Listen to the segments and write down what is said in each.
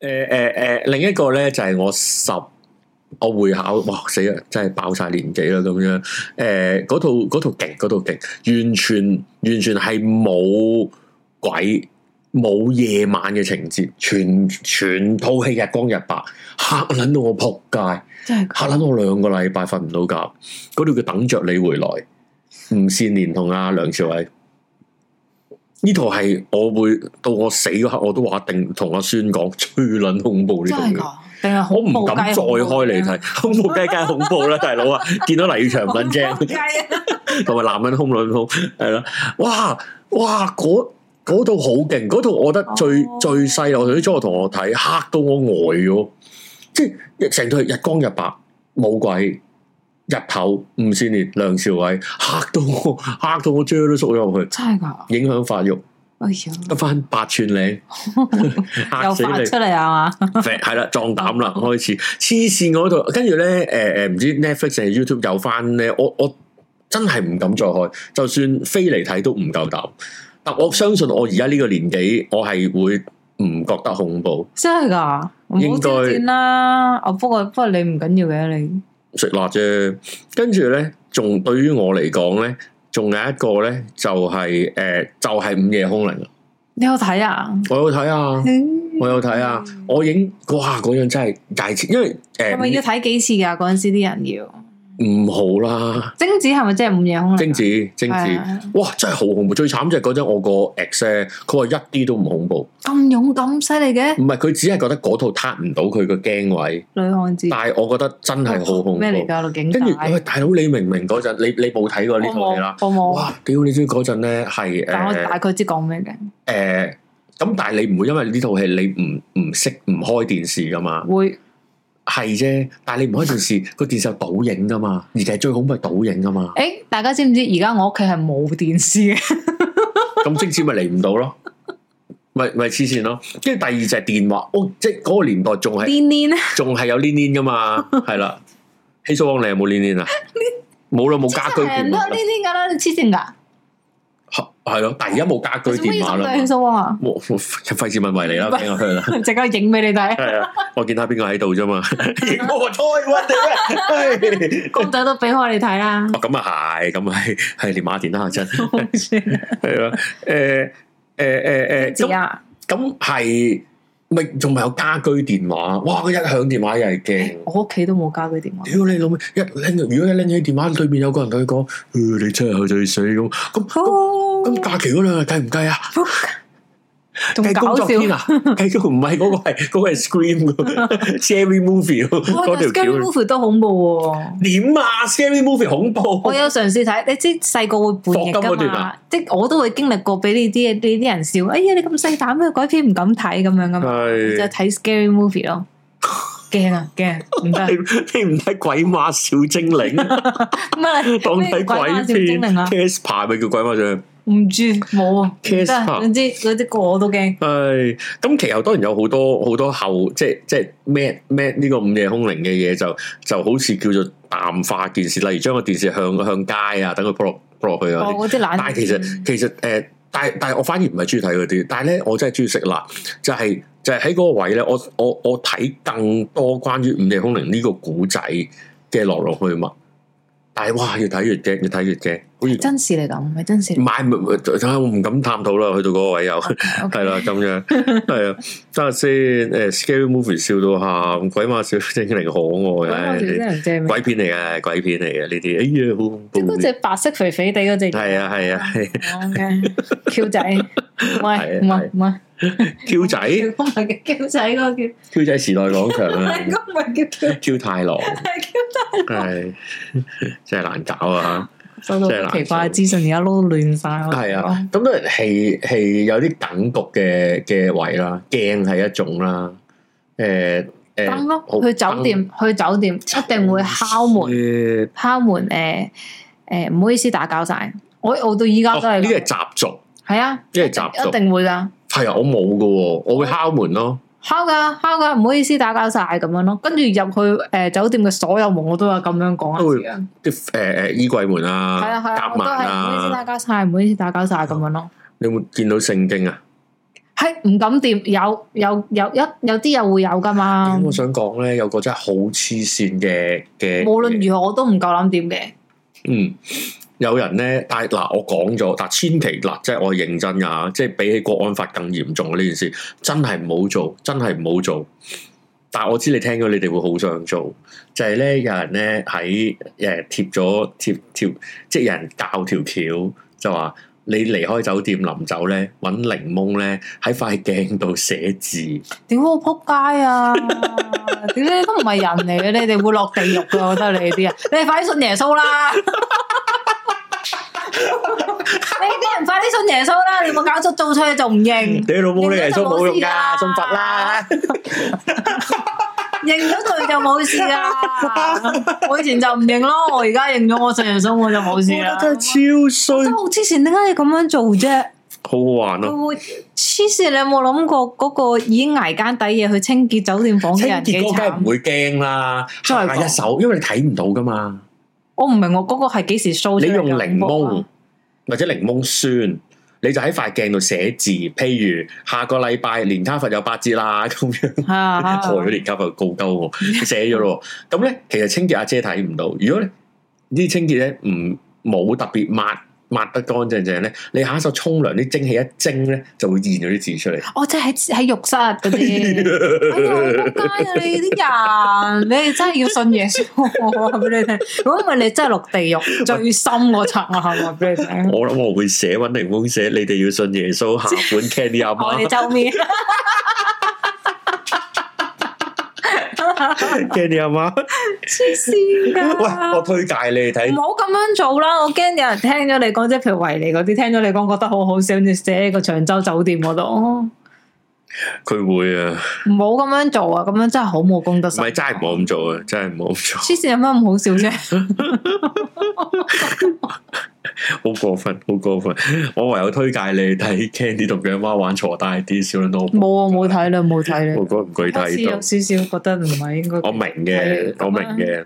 誒誒誒，另一個咧就係我十我會考，哇死啦，真係爆晒年紀啦，咁樣。誒、呃，嗰套嗰套勁，嗰套勁完全完全係冇鬼冇夜晚嘅情節，全全套戲日光日白，吓捻到我扑街，吓捻我兩個禮拜瞓唔到覺。嗰套叫《等着你回來》，吳倩蓮同阿梁朝偉。呢套係我會到我死嗰刻，我都話定同阿孫講，最撚恐怖呢套嘢，我唔敢再開嚟睇。恐怖梗係恐怖啦大佬啊！見到黎長蚊正，同埋男人空女人胸，係、嗯、啦，哇哇嗰套好勁，嗰套我覺得最、哦、最細，我同啲中學同學睇，吓到我呆咗，即係成套日光日白冇鬼。日頭唔算烈，梁朝偉嚇到我，嚇到我張都縮咗落去。真係噶？影響發育。得翻、哎、呦八寸領， 又發出嚟啊嘛！肥係啦，壯膽啦，開始黐線我度。跟住咧，誒誒，唔知 Netflix 定係 YouTube 有翻咧？我、呃、Netflix，我，我真係唔敢再開，就算飛嚟睇都唔夠膽。但我相信我而家呢個年紀，我係會唔覺得恐怖。真係噶？應該啦。我不過該不過你唔緊要嘅、啊、你。食辣啫，跟住咧，仲對於我嚟講咧，仲有一個咧，就係、是、誒、呃，就係、是、午夜凶鈴！你有睇啊，啊， 啊？我有睇啊！我有睇啊！我影，哇，嗰樣真係大因為誒，係、呃、咪要睇幾次噶？嗰陣時啲人要。唔好啦，貞子係咪真係午夜恐怖？貞子，貞子，子哇，真係好恐怖！最慘就係嗰陣我個 ex，佢話一啲都唔恐怖，咁勇敢，咁犀利嘅。唔係佢只係覺得嗰套撻唔到佢個驚位，女漢子。但係我覺得真係好恐怖。咩嚟噶？老警，跟住喂，大佬你明唔明嗰陣你你冇睇過呢套戲啦，我冇。我哇，屌你知嗰陣咧係誒，我大概知講咩嘅。誒、呃，咁但係你唔會因為呢套戲你唔唔識唔開電視噶嘛？會。係啫，但係你唔可以開電視，個電視倒影噶嘛，而係最好唔係倒影噶嘛。誒、欸，大家知唔知而家我屋企係冇電視嘅，咁即止咪嚟唔到咯，咪咪黐線咯。跟住第二就係電話，哦、即係嗰個年代仲係黏黏，叮叮仲係有黏黏噶嘛，係啦。 起蘇旺，你有冇黏黏啊？冇啦，冇家居片啦，黏黏噶啦，黐線噶。係咯，但係而家冇家居電話咯。冇冇，費事問維你啦，俾我去啦。即刻影俾你睇。係啊，我見下邊個喺度啫嘛。影我個胎骨點啊？公仔都俾我你睇啦。哦，咁啊係，咁係係連馬田啦。係真。係啊，誒誒誒誒，咁咁係。咪仲係有家居電話，哇！佢一響電話又係驚。我屋企都冇家居電話。屌你老味，一拎，如果一拎起電話對面有個人同你講，呃，你出去，就死咁，咁咁 假期嗰兩日計唔計啊？看 仲搞笑添啊！繼續唔係嗰個係嗰、嗰個係 Scream 嘅 Scary Movie 嗰、哦、條 movie 都恐怖喎！點啊 Scary Movie 恐怖？我有嘗試睇，你知細個會叛逆噶嘛？段啊、即係我都會經歷過俾呢啲呢啲人笑，哎呀你咁細膽咩？鬼片唔敢睇咁樣噶嘛？就睇 Scary Movie 咯，驚啊驚！唔得，你唔睇鬼馬小精靈？唔當睇鬼片啊！TS 牌咪叫鬼馬啫。唔住冇啊，其係總之嗰啲個我都驚。係咁，其後當然有好多好多後，即係即係咩咩呢個午夜兇鈴嘅嘢，就就好似叫做淡化件事，例如將個電視向向街啊，等佢撲落落去啊、哦呃。但係其實其實誒，但係但係我反而唔係中意睇嗰啲，但係咧我真係中意食辣。就係、是、就係喺嗰個位咧，我我我睇更多關於午夜兇鈴呢個古仔嘅落落去嘛。但係哇，越睇越驚，越睇越驚。真實嚟講，唔係，唔唔不，我唔敢探討啦。去到嗰個位又係啦，咁樣係啊。等下先，誒，Scary Movie 笑到喊，鬼馬小精靈可愛。鬼片嚟嘅，鬼片嚟嘅呢啲。哎呀，好！即係嗰隻白色肥肥地嗰隻。係啊係啊係。Q 仔，唔係唔係唔係 Q 仔。Q 仔嗰個叫 Q 仔時代廣場啊。唔係叫 Q 太郎。係 Q 太郎。係真係難搞啊！收到奇怪嘅資訊，而家碌都亂晒。係啊，咁都係係有啲緊局嘅嘅位啦，驚係一種啦。誒、欸、誒，欸、行去酒店行去酒店行一定會敲門行敲門。誒、呃、誒，唔、呃、好意思，打攪晒。我我到依家都係呢啲係習俗。係啊，呢啲係習俗一定會噶。係啊，我冇噶，我會敲門咯。敲噶，敲噶，唔好，好意思打，打攪晒咁樣咯。跟住入去誒、呃、酒店嘅所有門，我都有咁樣講一次啊。啲誒誒衣櫃門啊，係啊係，夾萬啊，唔、啊啊、好意思打攪晒，唔好意思打攪晒咁樣咯，哦。你有冇見到聖經啊？係唔敢掂，有有有，有，有，有，有，有，有一有啲又會有噶嘛？我想講咧，有個真係好黐線嘅嘅。無論如何，我都唔夠膽掂嘅。嗯。有人咧，但嗱，我講咗，但千祈嗱，即係我認真噶，即係比起國安法更嚴重呢件事，真係唔好做，真係唔好做。但係我知你聽咗，你哋會好想做，就係、是、咧，有人咧喺誒貼咗貼條，即係有人教條橋，就話、是、你離開酒店臨走咧，揾檸檬咧喺塊鏡度寫字。屌，我撲街啊！點解都唔係人嚟嘅？你哋會落地獄㗎！我覺得你啲人，你哋快啲信耶穌啦！你啲、 哎、人快啲信耶穌啦！你冇搞錯，做錯嘢就唔認、嗯。你老母，你耶穌冇用噶，信佛啦。 認咗佢就冇事噶啦。 我以前就唔認咯，我而家認咗，我信耶穌我就冇事啦。真超衰！之前黐，點解你咁樣做啫？好好玩咯、啊！黐線，你有冇諗過嗰個已經挨間底嘢去清潔酒店房嘅人幾慘？唔會驚啦，挨是、啊、一手，因為你睇唔到噶嘛。我唔明，我、那、嗰個係幾時掃咗？你用檸檬或者檸檬酸，你就喺塊鏡度寫字，譬如下個禮拜連卡佛有八折啦，咁樣害咗 連卡佛高鳩，寫咗咯。咁咧， 其實清潔阿姐睇唔到。如果呢啲清潔咧，唔冇特別抹。抹得乾淨淨咧，你下一手沖涼啲蒸氣一蒸咧，就會現咗啲字出嚟。我、哦、即係喺浴室嗰啲， 哎呀啊，你啲人你哋真係要、啊、 要信耶穌，我話俾你聽。如果唔係你真係落地獄最深嗰層啊！我話俾你聽。我諗我會寫揾檸檬寫，你哋要信耶穌下本 Candy 阿媽、啊、 你周面。 驚 你阿媽啊嘛，黐線噶！喂，我推介你睇，唔好咁樣做啦！我驚有人聽咗你講，即係譬如維尼嗰啲，聽咗你講覺得好好笑，你寫個長洲酒店嗰度，佢、哦、會啊！唔好咁樣做啊！咁樣真係好冇公德心、啊，咪真係唔好咁做啊！真係唔好咁做、啊，黐線，有乜咁好笑啫？好過分，好過分！我唯有推介你睇 Candy 同佢阿媽玩鋤大啲少咗都冇啊，冇睇啦，冇睇啦。我覺唔具睇有少少覺得唔係應該。我明嘅，我明嘅。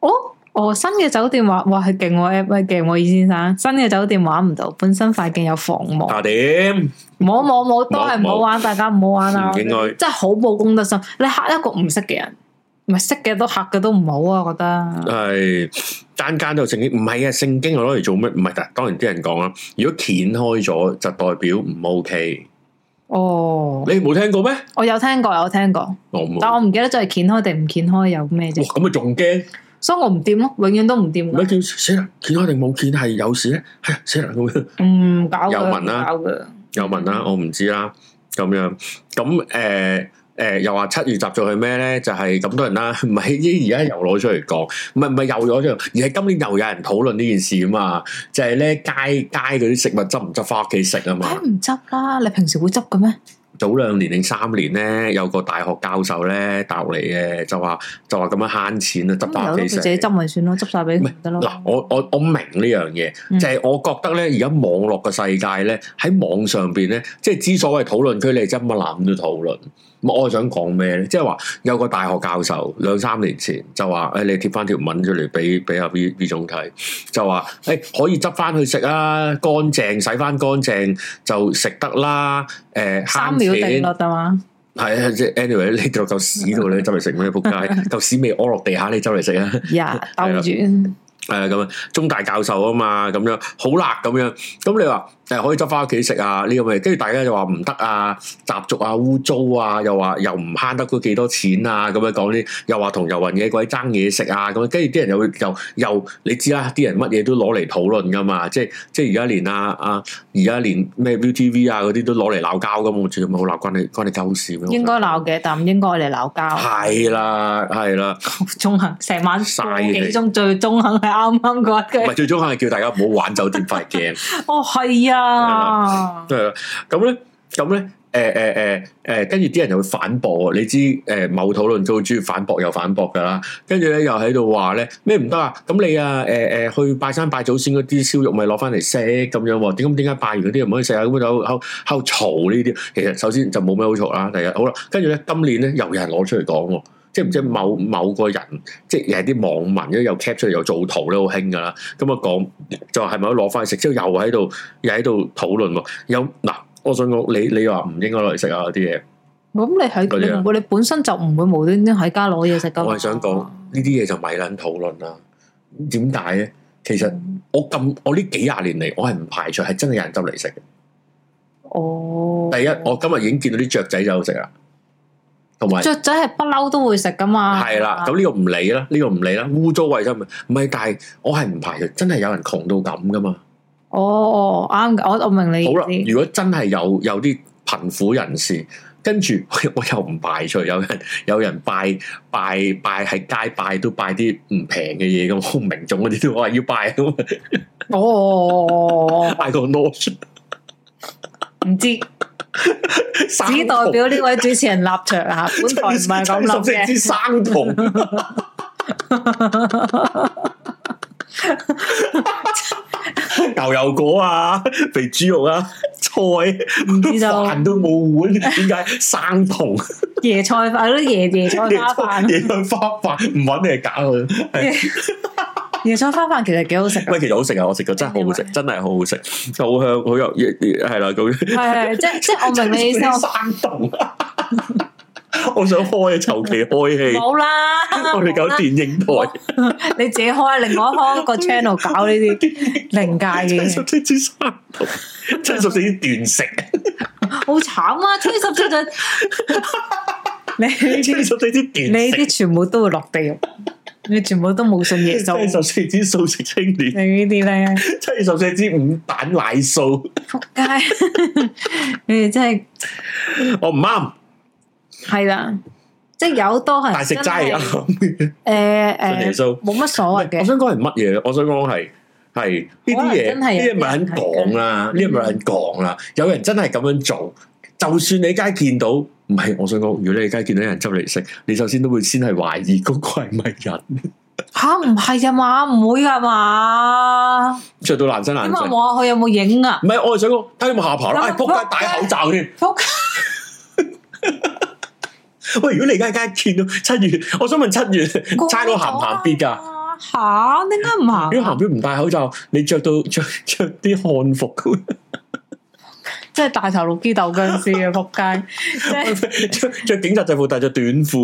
哦哦，新嘅酒店話話係勁喎，App 係勁喎，二先生。新嘅酒店玩唔到，本身快鏡有房網。下點定？冇冇冇，都係唔好玩，大家唔好玩啦。應該真係好冇公德心，你嚇一個唔識嘅人。唔係識嘅都嚇嘅都唔好啊，我覺得係間間都有聖經，唔係嘅。聖經我攞嚟做咩？唔係，但當然啲人講啦。如果掀開咗就代表唔 OK 哦。你冇聽過咩？我有聽過，有聽過，但我唔記得就係掀開定唔掀開有咩啫。咁咪仲驚，所以我唔掂咯，永遠都唔掂。咩叫死啦？掀開定冇掀係有事咧？係死啦咁樣。嗯，搞有文嘅，有文啦，我唔知啦，咁樣咁誒。誒、呃、又話七月集聚係咩咧？就係咁多人啦，唔係依而家又攞出嚟講，唔係唔係又攞出嚟，而係今年又有人討論呢件事啊嘛！就係、是、咧街街嗰啲食物執唔執翻屋企食啊嘛？唔執啦，你平時會執嘅咩？早兩年定三年咧，有個大學教授咧答嚟嘅，就話就話咁樣慳錢啊，執翻屋企食。嗯、自己執咪算咯，執晒俾佢得咯。嗱、嗯吧，我我我明呢樣嘢，嗯、就係我覺得咧，而家網絡嘅世界咧，喺網上邊咧，即係之所謂討論區你執乜攬都討論。我想講咩咧？即係話有個大學教授兩三年前就話：，誒、哎，你貼翻條文出嚟俾俾阿 VV 總睇，就話：，誒、欸，可以執翻去食啊，乾淨洗翻乾淨就食得啦。誒、呃，慳錢。三秒定落得嘛？係、哎 anyway, 啊，即係 anyway，你做嚿屎度你執嚟食咩仆街？嚿屎未屙落地下你執嚟食啊？呀，兜住。係啊，咁啊，中大教授啊嘛，咁樣好辣咁樣，咁你話？誒可以執翻屋企食啊！呢個咪跟住大家又話唔得啊，習俗啊，污糟啊，又話又唔慳得佢幾多錢啊，咁樣講啲，又話同遊魂野鬼爭嘢食啊，咁跟住啲人又又又你知啦，啲人乜嘢都攞嚟討論噶嘛，即係即係而家連啊啊而家連咩 VTV 啊嗰啲都攞嚟鬧交咁，完全冇鬧關你關你鳩事咩？應該鬧嘅，但唔應該嚟鬧交。係啦，係啦，中肯成晚曬幾中最中肯係啱啱嗰一句，唔係最中肯係叫大家唔好玩酒店發 game。哦，係啊。係啦，咁咧，咁 咧，誒誒誒誒，跟住啲人又會反駁，你知，誒，某討論組好中意反駁又反駁噶啦，跟住咧又喺度話咧咩唔得啊，咁你啊，誒、呃、誒，去拜山拜祖先嗰啲燒肉咪攞翻嚟食咁樣喎，點解點解拜完嗰啲唔可以食啊？咁又又又嘈呢啲，其實首先就冇咩好嘈啦，第日好啦，跟住咧今年咧又有人攞出嚟講。即係唔知某某個人，即係啲網民又 capture 出嚟又做圖咧，好興噶啦。咁啊講就係咪攞翻去食？之後又喺度又喺度討論喎。有嗱，我想講你你話唔應該攞嚟食啊啲嘢。咁、嗯、你係你唔會，你本身就唔會無端端喺家攞嘢食噶。我係想講呢啲嘢就咪捻討論啦。點解咧？其實我咁我呢幾廿年嚟，我係唔排除係真係有人執嚟食嘅。哦。第一，我今日已經見到啲雀仔就好食啦。同埋雀仔係不嬲都會食噶嘛，係啦的。咁呢的個唔理啦，呢、這個唔理啦，污糟衛生咪。唔係，但係我係唔排除，真係有人窮到咁噶嘛。哦，啱，我我明你意思的。好啦，如果真係有有啲貧苦人士，跟住我又唔排除有人有人拜拜拜喺街拜都拜啲唔平嘅嘢咁，明眾嗰啲都話要拜咁。 哦，嗌個攞唔知。只代表呢位主持人立場吓，本台唔係咁立嘅。生酮 牛油果啊，肥豬肉啊，菜，飯道都冇碗，點解生酮 椰菜飯咯，椰菜椰菜花飯，椰菜花飯，唔揾你假佢。 椰 椰菜花飯其實幾好食，喂，其實好食啊！我食過真係好好食，真係好好食，好香，好有，係啦，咁係係，即即我明你意思，我生凍，我想開，求其開戲，好啦，我哋搞電影台，你自己開，另外開個 channel 搞呢啲靈界嘅，七十四生凍，七十四斷食，好慘啊！七十四就你，七十四斷，你呢啲全部都會落地獄。你全部都冇信耶穌，七十四支素食青年，你呢啲咧？七十四支五蛋奶素，扑街！你哋真係我唔啱，係啦，即係有多係食齋啊？誒誒，冇乜所謂嘅。我想講係乜嘢？我想講係係呢啲嘢，呢啲咪肯講啦，呢啲咪肯講啦。有人真係咁樣做，就算你街家見到。唔係，我想講，如果你而家見到有人執嚟食，你首先都會先係懷疑嗰個係咪人？吓，唔係啊嘛，唔會噶嘛，着到爛身爛身。點解冇啊？佢有冇、啊、影啊？唔係，我係想講，睇下有冇下爬啦，扑么、哎、街戴口罩添。扑、哎、街。 喂，如果你而家街見到七月，我想問七月差到行唔行，啊啊、行？必噶？吓，點解唔行？如果行邊唔戴口罩，你着到着着啲漢服。即係大頭綠衣鬥殭屍嘅仆街，即係着警察制服，但係着短褲。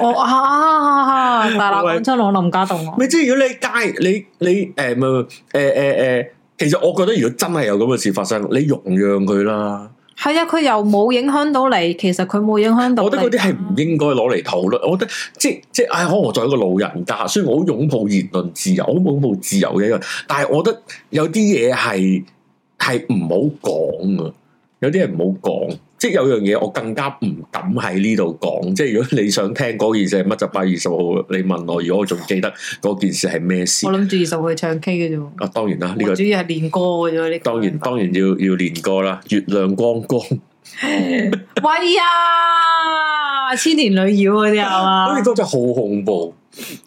我 啊，大喇喇出我林家棟啊！咪即係如果你喺街，你你誒唔誒誒誒，其實我覺得如果真係有咁嘅事發生，你容讓佢啦。係啊，佢又冇影響到你，其實佢冇影響到、啊我。我覺得嗰啲係唔應該攞嚟討論。我覺得即即係，唉，可能我作為一個老人家，雖然我好擁抱言論自由，好擁抱自由嘅一個。但係我覺得有啲嘢係。係唔好講啊！有啲人唔好講，即係有樣嘢我更加唔敢喺呢度講。即係如果你想聽嗰件事係乜，就八月二十號，你問我，如果我仲記得嗰件事係咩事？我諗住二十號去唱 K 嘅啫。啊，當然啦，呢、這個主要係練歌嘅啫。當然，當然要要練歌啦，《月亮光光》 喂啊，《千年女妖》嗰啲啊！嘛？嗰啲歌真係好恐怖，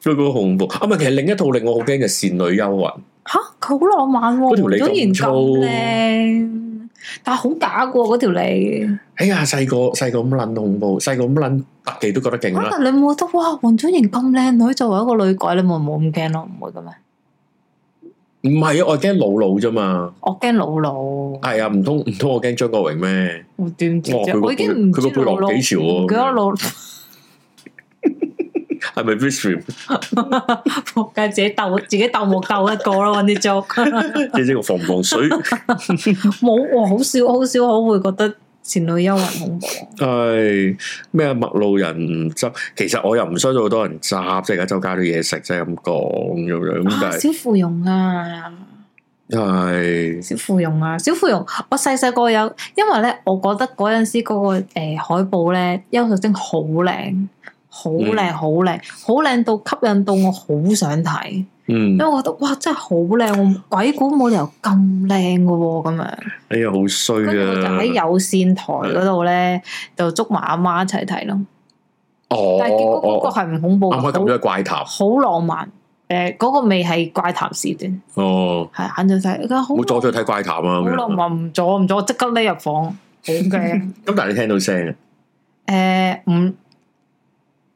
真係覺得好恐怖。啊咪，其實另一套令我好驚嘅《倩女幽魂》。好浪漫喎，王祖賢咁靚，但係好假噶嗰條脷。哎呀，細個細個咁捻恐怖，細個咁捻特技都覺得勁啦。可能你冇覺得哇？王祖賢咁靚女，作為一個女鬼，你會唔會咁驚咯？唔會咁咩？唔係啊，我驚老老啫嘛。我驚老老。係啊，唔通唔通我驚張國榮咩？我驚張國榮，我已經唔知老幾潮咯，老。係咪 fishroom 仆街自己鬥自己鬥木鬥一個咯，你知即係個防唔防水？冇，我好少好少，我會覺得倩女幽魂恐怖。係咩？陌路人唔執，其實我又唔需要好多人執，即係而家周街啲嘢食，即係咁講咁樣。小芙蓉啊，係小芙蓉啊，小芙蓉。我細細個有，因為咧，我覺得嗰陣時嗰個誒海報咧，幽素貞好靚。好靚，好靚，好靚到吸引到我，好想睇。嗯，因為我覺得哇，真係好靚，鬼古冇理由咁靚噶喎，咁樣。哎呀，好衰啊，就喺有線台嗰度咧，就捉埋阿媽一齊睇咯。哦，但係結果嗰個係唔恐怖，阿媽睇咗《怪談》，好浪漫。誒、呃，嗰、嗰個未係《怪談》時段。哦，係肯定睇，唔好阻住去睇《怪談》啊。好浪漫，唔阻、啊，唔阻，我即刻匿入房。好驚。咁 但係你聽到聲啊？誒，唔。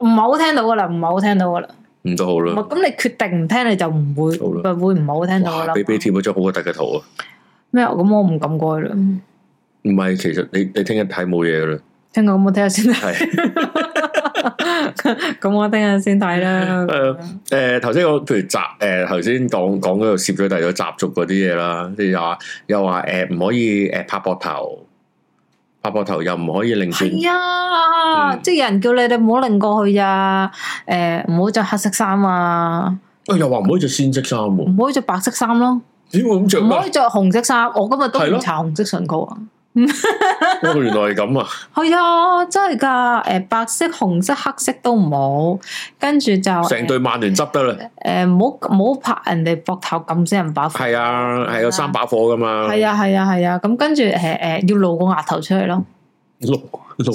唔好聽到噶啦，唔好聽到噶啦。唔都好啦。咁你決定唔聽，你就唔會，了會唔好聽到啦。俾俾貼咗張好核突嘅圖啊。咩？咁我唔敢過去啦。唔係、嗯，其實你你聽日睇冇嘢噶啦。聽 我咁、 啊，呃呃、我睇下先啦。咁我聽下先睇啦。誒誒，頭先我譬如集，誒、呃，頭先講講嗰度攝咗第二個習俗嗰啲嘢啦，即係又話又話誒，唔可以誒拍膊頭。阿膊頭又唔可以擰轉，係、哎、呀，嗯、即係人叫你，哋唔好擰過去呀、啊。誒、欸，唔好着黑色衫啊。哎呀，話唔可以着鮮色衫、啊，唔可以着白色衫咯、啊。點會咁着、啊？唔可以着紅色衫，我今日都唔搽紅色唇膏啊。 哦、原來係咁啊！係啊、 嗯，真係噶！誒，白色、紅色、黑色都唔好，跟住就成、嗯、對曼聯執得啦。誒、嗯，唔好唔好拍人哋膊頭，撳死人把火。係啊，係有三把火噶嘛。係啊，係啊，係啊！咁、啊嗯、跟住誒誒，要露個額頭出去咯。露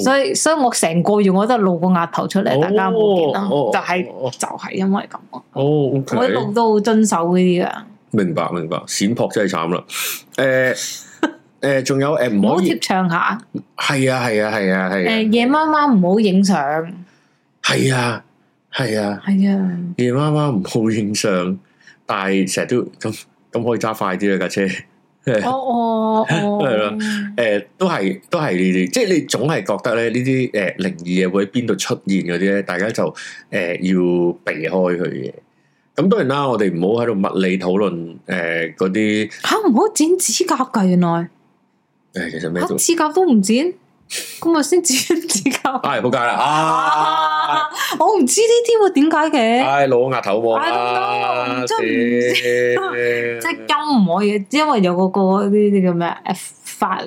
所以所以，所以我成個月我都係露個額頭出嚟，哦、大家冇見到。哦、但係就係就係因為咁。哦。Okay、我一路都好遵守呢啲啊。明白明白，閃撲真係慘啦！誒。 誒，仲有誒，唔好貼牆行。係啊，係啊，係啊，係。誒，夜媽媽唔好影相。係啊，係啊，係啊。夜媽媽唔好影相，但係成日都咁咁，可以揸快啲啦架車。哦哦哦，係啦。誒，都係都係你哋，即係你總係覺得咧呢啲誒靈異嘢會喺邊度出現嗰啲咧，大家就誒要避開佢嘅。咁當然啦，我哋唔好喺度物理討論誒嗰啲吓，唔好剪指甲噶，原來。誒，其實咩做指甲都唔剪，咁咪先剪指甲。哎，仆街啦！我唔知呢啲會點解嘅。係老額頭啊！真係唔知，即係金唔可以，因為有嗰個呢啲叫咩啊？法啊，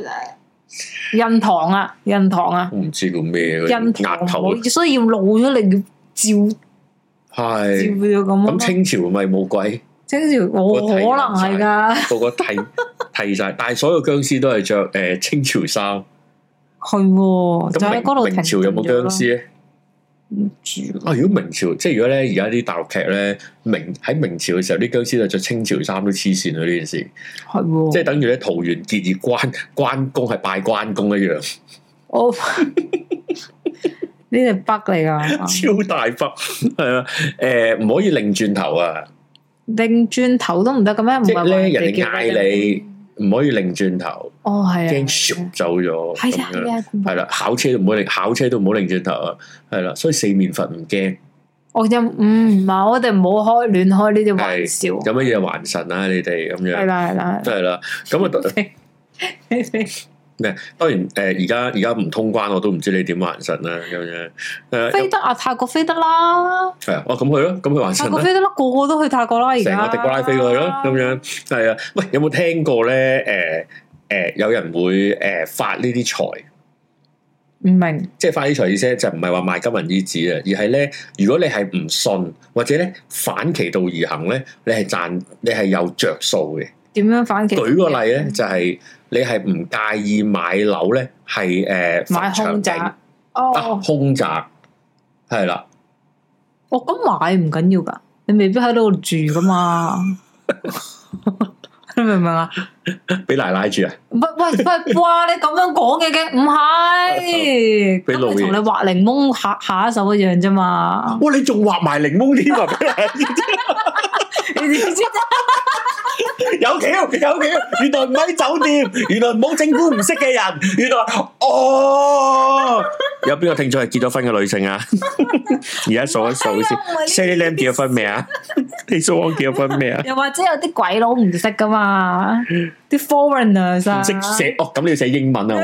印堂啊，印堂啊，唔知叫咩。印額頭，所以要露咗，你要照。係。照咁咁清朝咪冇鬼。清朝我，哦、可能係噶， 個個剃剃晒，但係所有僵屍都係着誒清朝衫，係喎 名。咁喺度明朝有冇僵屍咧？啊。 如果明朝即係如果咧，而家啲大陸劇咧，明喺明朝嘅時候啲僵屍就着清朝衫都黐線啦。呢件事係， 即係等於咧桃園結義關關公係拜關公一樣。哦， 呢隻北嚟噶，超大北係啊。誒、 呃，唔可以擰轉頭啊！擰轉頭都唔得咁樣，唔係話咧，人哋嗌你唔可以擰轉頭。哦，係啊，驚 short 走咗。係啊，係啦，考車都唔好擰，考車都唔好擰轉頭啊。係啦，所以四面佛唔驚。我又嗯，唔係，我哋唔好開亂開呢啲玩笑。有乜嘢還神啊？你哋咁樣。係啦，係啦，係啦。咁啊，多咩？當然，誒、呃，而家而家唔通關，我都唔知你點還神啦、啊、咁樣。誒、呃，飛得啊，泰國飛得啦。係啊，哦，咁去咯、啊，咁去還神。泰國飛得啦，個個都去泰國啦。而家，成個德古拉飛過去咯，咁、啊、樣。係啊，喂，有冇聽過咧？誒、呃，誒、呃，有人會誒、呃、發呢啲財？唔明，即係發啲財意思咧，就唔係話賣金銀衣紙啊，而係咧，如果你係唔信或者咧反其道而行咧，你係賺，你係有着數嘅。點樣反其？舉個例咧，就係、是。你係唔介意買樓咧？係誒，呃、買空宅哦，空宅係啦。哦，咁買唔緊要噶，你未必喺度住噶嘛。 你明唔明啊？俾奶奶住啊？喂，唔係，唔係，哇！你咁樣講嘅嘅唔係，咁係同你畫檸檬下下一手一樣啫嘛。哇！你仲畫埋檸檬添啊？ 有料有料，原來唔喺酒店，原來冇政府唔識嘅人，原來哦，有邊個聽眾係結咗婚嘅女性啊？而家數一數先，Sandy Lam 結咗婚未啊？Hsu Wang 結咗婚未啊？又或者有啲鬼佬唔識噶嘛？啲 foreigner，唔識寫哦，咁你要寫英文啊？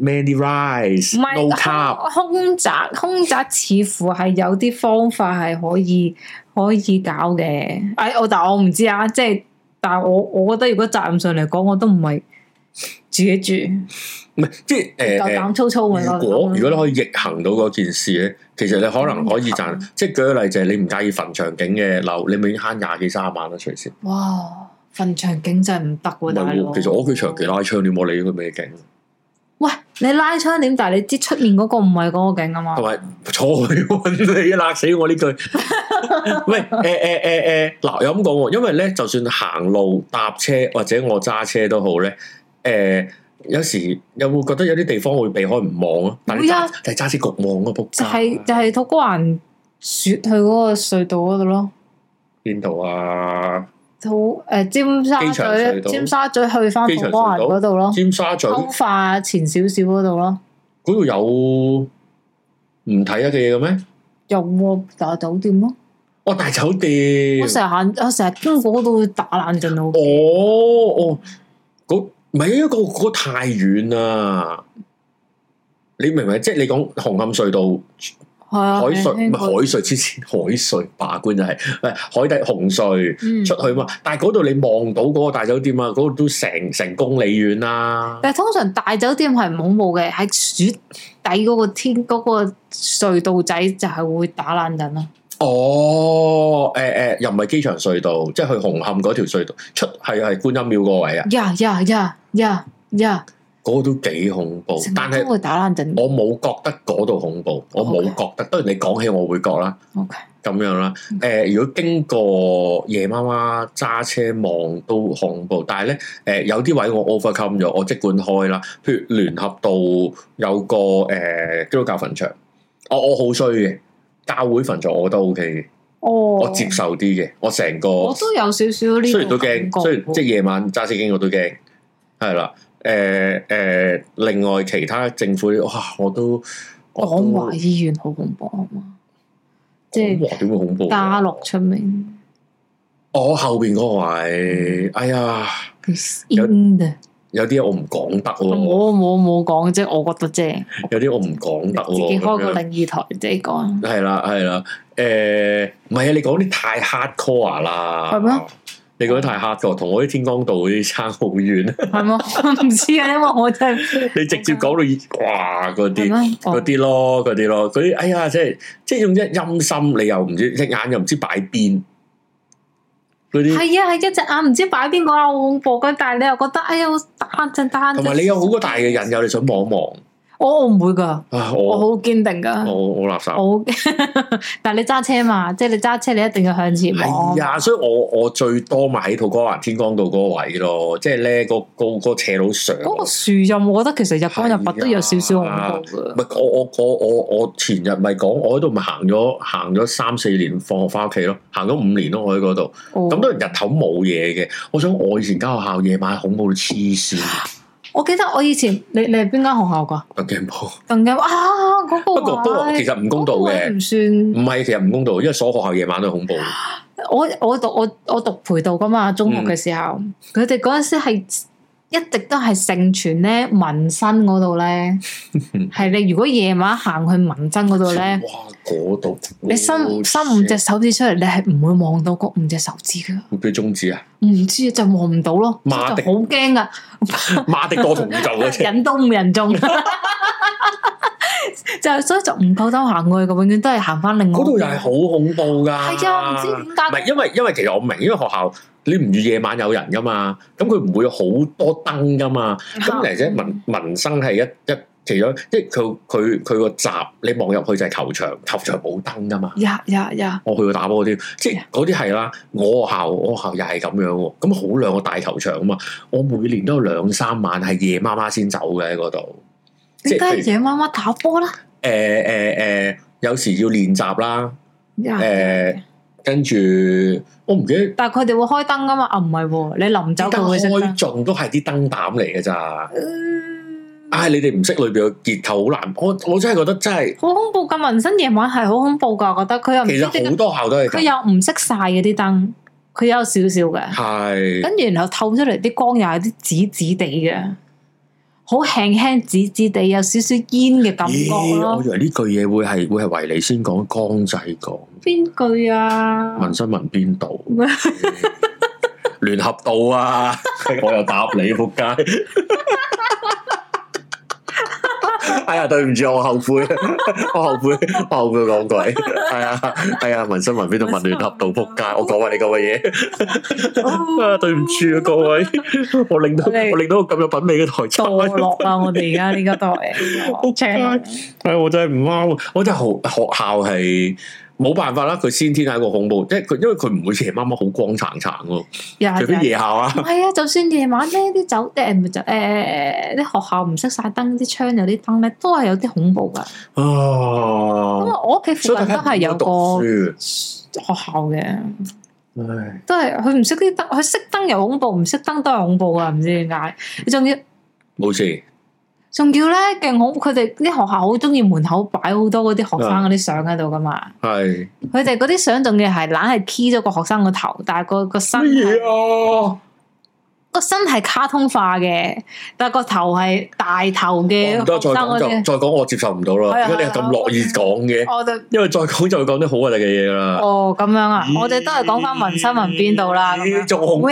May 咩啲 rise？唔係空宅，空宅似乎係有啲方法係可以可以搞嘅。哎，我但我唔知啊，即係但係我我覺得如果責任上嚟講，我都唔係自己住。唔係即係夠膽粗粗。如果如果你可以逆行到嗰件事咧，其實你可能可以賺。即係舉個例就係你唔介意墳場景嘅樓，你咪已經慳廿幾卅萬咯，隨時。哇！墳場景就係唔得喎，大佬。其實我可以長期拉窗，你冇理佢咩景？你拉槍點？但係你知出面嗰個唔係嗰個警啊嘛？係咪坐穩你，辣死我呢句？ 喂，誒誒誒誒，嗱有咁講喎，因為咧，就算行路、搭車或者我揸車都好咧，誒、欸，有時有冇覺得有啲地方會避開唔望，呀望啊？會啊、就係，就係揸車焗望嗰個仆，就係就係土瓜灣轉去嗰個隧道嗰度咯，邊度啊？好誒，尖沙咀，尖沙咀去翻紅光岩嗰度咯，尖沙咀，化前少少嗰度咯，嗰度有唔睇得嘅嘢嘅咩？有大酒店咯。哦大酒店，我成日行，我成日經過嗰度打冷震啊！哦哦，嗰唔係一個，嗰太遠啦，你明唔明？即係你講紅磡隧道。海隧唔係海隧，之前海隧把關就係、是，誒海底紅隧、嗯、出去嘛，但係嗰度你望到嗰個大酒店啊，嗰度都成成公里遠啦、啊。但係通常大酒店係冇霧嘅，喺雪底嗰個天、那個隧道仔就係會打冷陣咯。哦，誒、呃、誒、呃，又唔係機場隧道，即係去紅磡嗰條隧道出，係係觀音廟個位啊。呀呀呀呀。Yeah 嗰個都幾恐怖，會打，但係我冇覺得嗰度恐怖，Okay. 我冇覺得。當然你講起我會覺啦，咁 Okay. 樣啦。誒 Okay.、呃，如果經過夜媽媽揸車望都恐怖，但係咧誒有啲位我 overcome 咗，我即管開啦。譬如聯合道有個誒、呃、基督教墳場，我我好衰嘅，教會墳場我都 O K 嘅，oh. 我接受啲嘅。我成個我都有少少呢，雖然都驚，雖然即夜晚揸車經過都驚，係啦。誒誒、呃，另外其他政府哇，我都，我都廣華醫院好恐怖，係嘛？即係點會恐怖？家樂、啊、出名。我、哦、後邊嗰位，哎呀，s 有啲我唔講得咯。我冇冇講啫，我覺得正、就是。有啲我唔講得咯。自己開個靈異台，即係講。係啦係啦，誒，唔係啊，你講啲太 hard core 啦。係咩？你覺得太黑個，同我啲天光度啲差好遠。係嘛，我唔知啊，因為我真係你直接講到咦，嘩嗰啲嗰啲咯，嗰啲咯，嗰啲哎呀，即係即係用一陰森，你又唔知隻眼又唔知擺邊嗰啲。係啊，係一隻眼唔知擺邊個啊，好恐怖！但係你又覺得哎呀，單隻單同埋你有好大嘅人有你想望一望。我唔會噶我好堅定噶我好垃圾。我 但係你揸車嘛，即係你揸車，你一定要向前。係、哎、呀，所以我我最多咪喺套光華天光道嗰個位咯，即係咧個個個斜路上。嗰個樹蔭，我覺得其實日光日白都有少少恐怖。唔係、哎、我我我我我前日咪講，我喺度咪行咗行咗三四年，放學翻屋企咯，行咗五年咯，我喺嗰度。咁多人日頭冇嘢嘅，我想我以前間學校夜晚恐怖到黐線。我記得我以前，你你係邊間學校噶？鄧鏡波。鄧鏡波啊，個不過不過其實唔公道嘅，唔算，唔係其實唔公道，因為所學校夜晚都恐怖我。我我讀我我讀培道噶嘛，中學嘅時候，佢哋嗰陣時係。一直都係盛傳咧紋身嗰度咧，係 你如果夜晚行去紋身嗰度咧，哇度你伸伸五隻手指出嚟，你係唔會望到嗰五隻手指噶。會畀中指啊？唔知啊，就望唔到咯，馬迪好驚噶。 馬迪多重宇宙啊！ 引刀唔人中。 就所以就唔夠膽行過去，永遠都係行翻另外一。嗰度又係好恐怖噶，係啊，唔知點解。唔係因為因為其實我明，因為學校你唔如夜晚有人噶嘛，咁佢唔會有好多燈噶嘛。咁而且民民生係一一其中，即係佢佢佢個閘，你望入去就係球場，球場冇燈噶嘛。呀呀呀！我去過打波添，即係嗰啲係啦。我學校我學校又係咁樣，咁好兩個大球場啊嘛。我每年都有兩三晚係夜媽媽先走嘅喺嗰度。你梗係夜媽媽打波啦？誒誒誒，有時要練習啦。誒、呃，跟住我唔記得。但係佢哋會開燈噶嘛？啊，唔係喎，你臨走會開。開盡都係啲燈膽嚟嘅咋？唉、嗯哎，你哋唔識裏邊嘅結構好難。我我真係覺得真係好恐怖噶！紋身夜晚係好恐怖噶，我覺得佢又、這個、其實好多校都係佢又唔識晒嗰啲燈，佢有少少嘅。係跟住然後透出嚟啲光又係啲紫紫地嘅。好輕輕紫紫地，有少少煙嘅感覺咯、欸、我以為呢句嘢會係會係 VVN 先講，江仔講邊句啊？問新聞邊度？聯 合道啊！我又答你仆街。 哎呀，對唔住，我後悔， 我後悔，我後悔，我後悔講句，係、哎、啊，係、哎、啊，文新聞邊度文聯合到仆街，我講埋你講嘅嘢，對唔住啊各位，我令到 我令到咁 有品味嘅台，墮落啦，我哋而家呢個台，真係，係我真係唔啱，我真係學學校係。冇辦法啦，佢先天係一個恐怖，即係佢因為佢唔會夜媽媽好光燦燦咯，啊、除非夜校啊。唔啊， 就算夜晚咧，啲酒誒唔係就誒啲學校唔熄晒燈，啲窗有啲燈咧，都係有啲恐怖噶、啊嗯。啊！咁啊，我屋企附近都係有個學校嘅，唉，都係佢唔熄啲燈，佢熄燈又恐怖，唔熄燈都係恐怖啊！唔知點解，你仲要冇事。仲要咧，勁好！佢哋啲學校好中意門口擺好多嗰啲學生嗰啲相喺度噶嘛，佢哋嗰啲相仲要係懶係 key 咗個學生個頭，但係個個身、啊。哦個身係卡通化嘅，但係個頭係大頭嘅學生嗰啲。再講我接受唔到啦，如果你係咁樂意講嘅，因為再講就會講啲好核突嘅嘢啦。哦，咁樣啊，我哋都係講翻紋身紋邊度啦。仲恐怖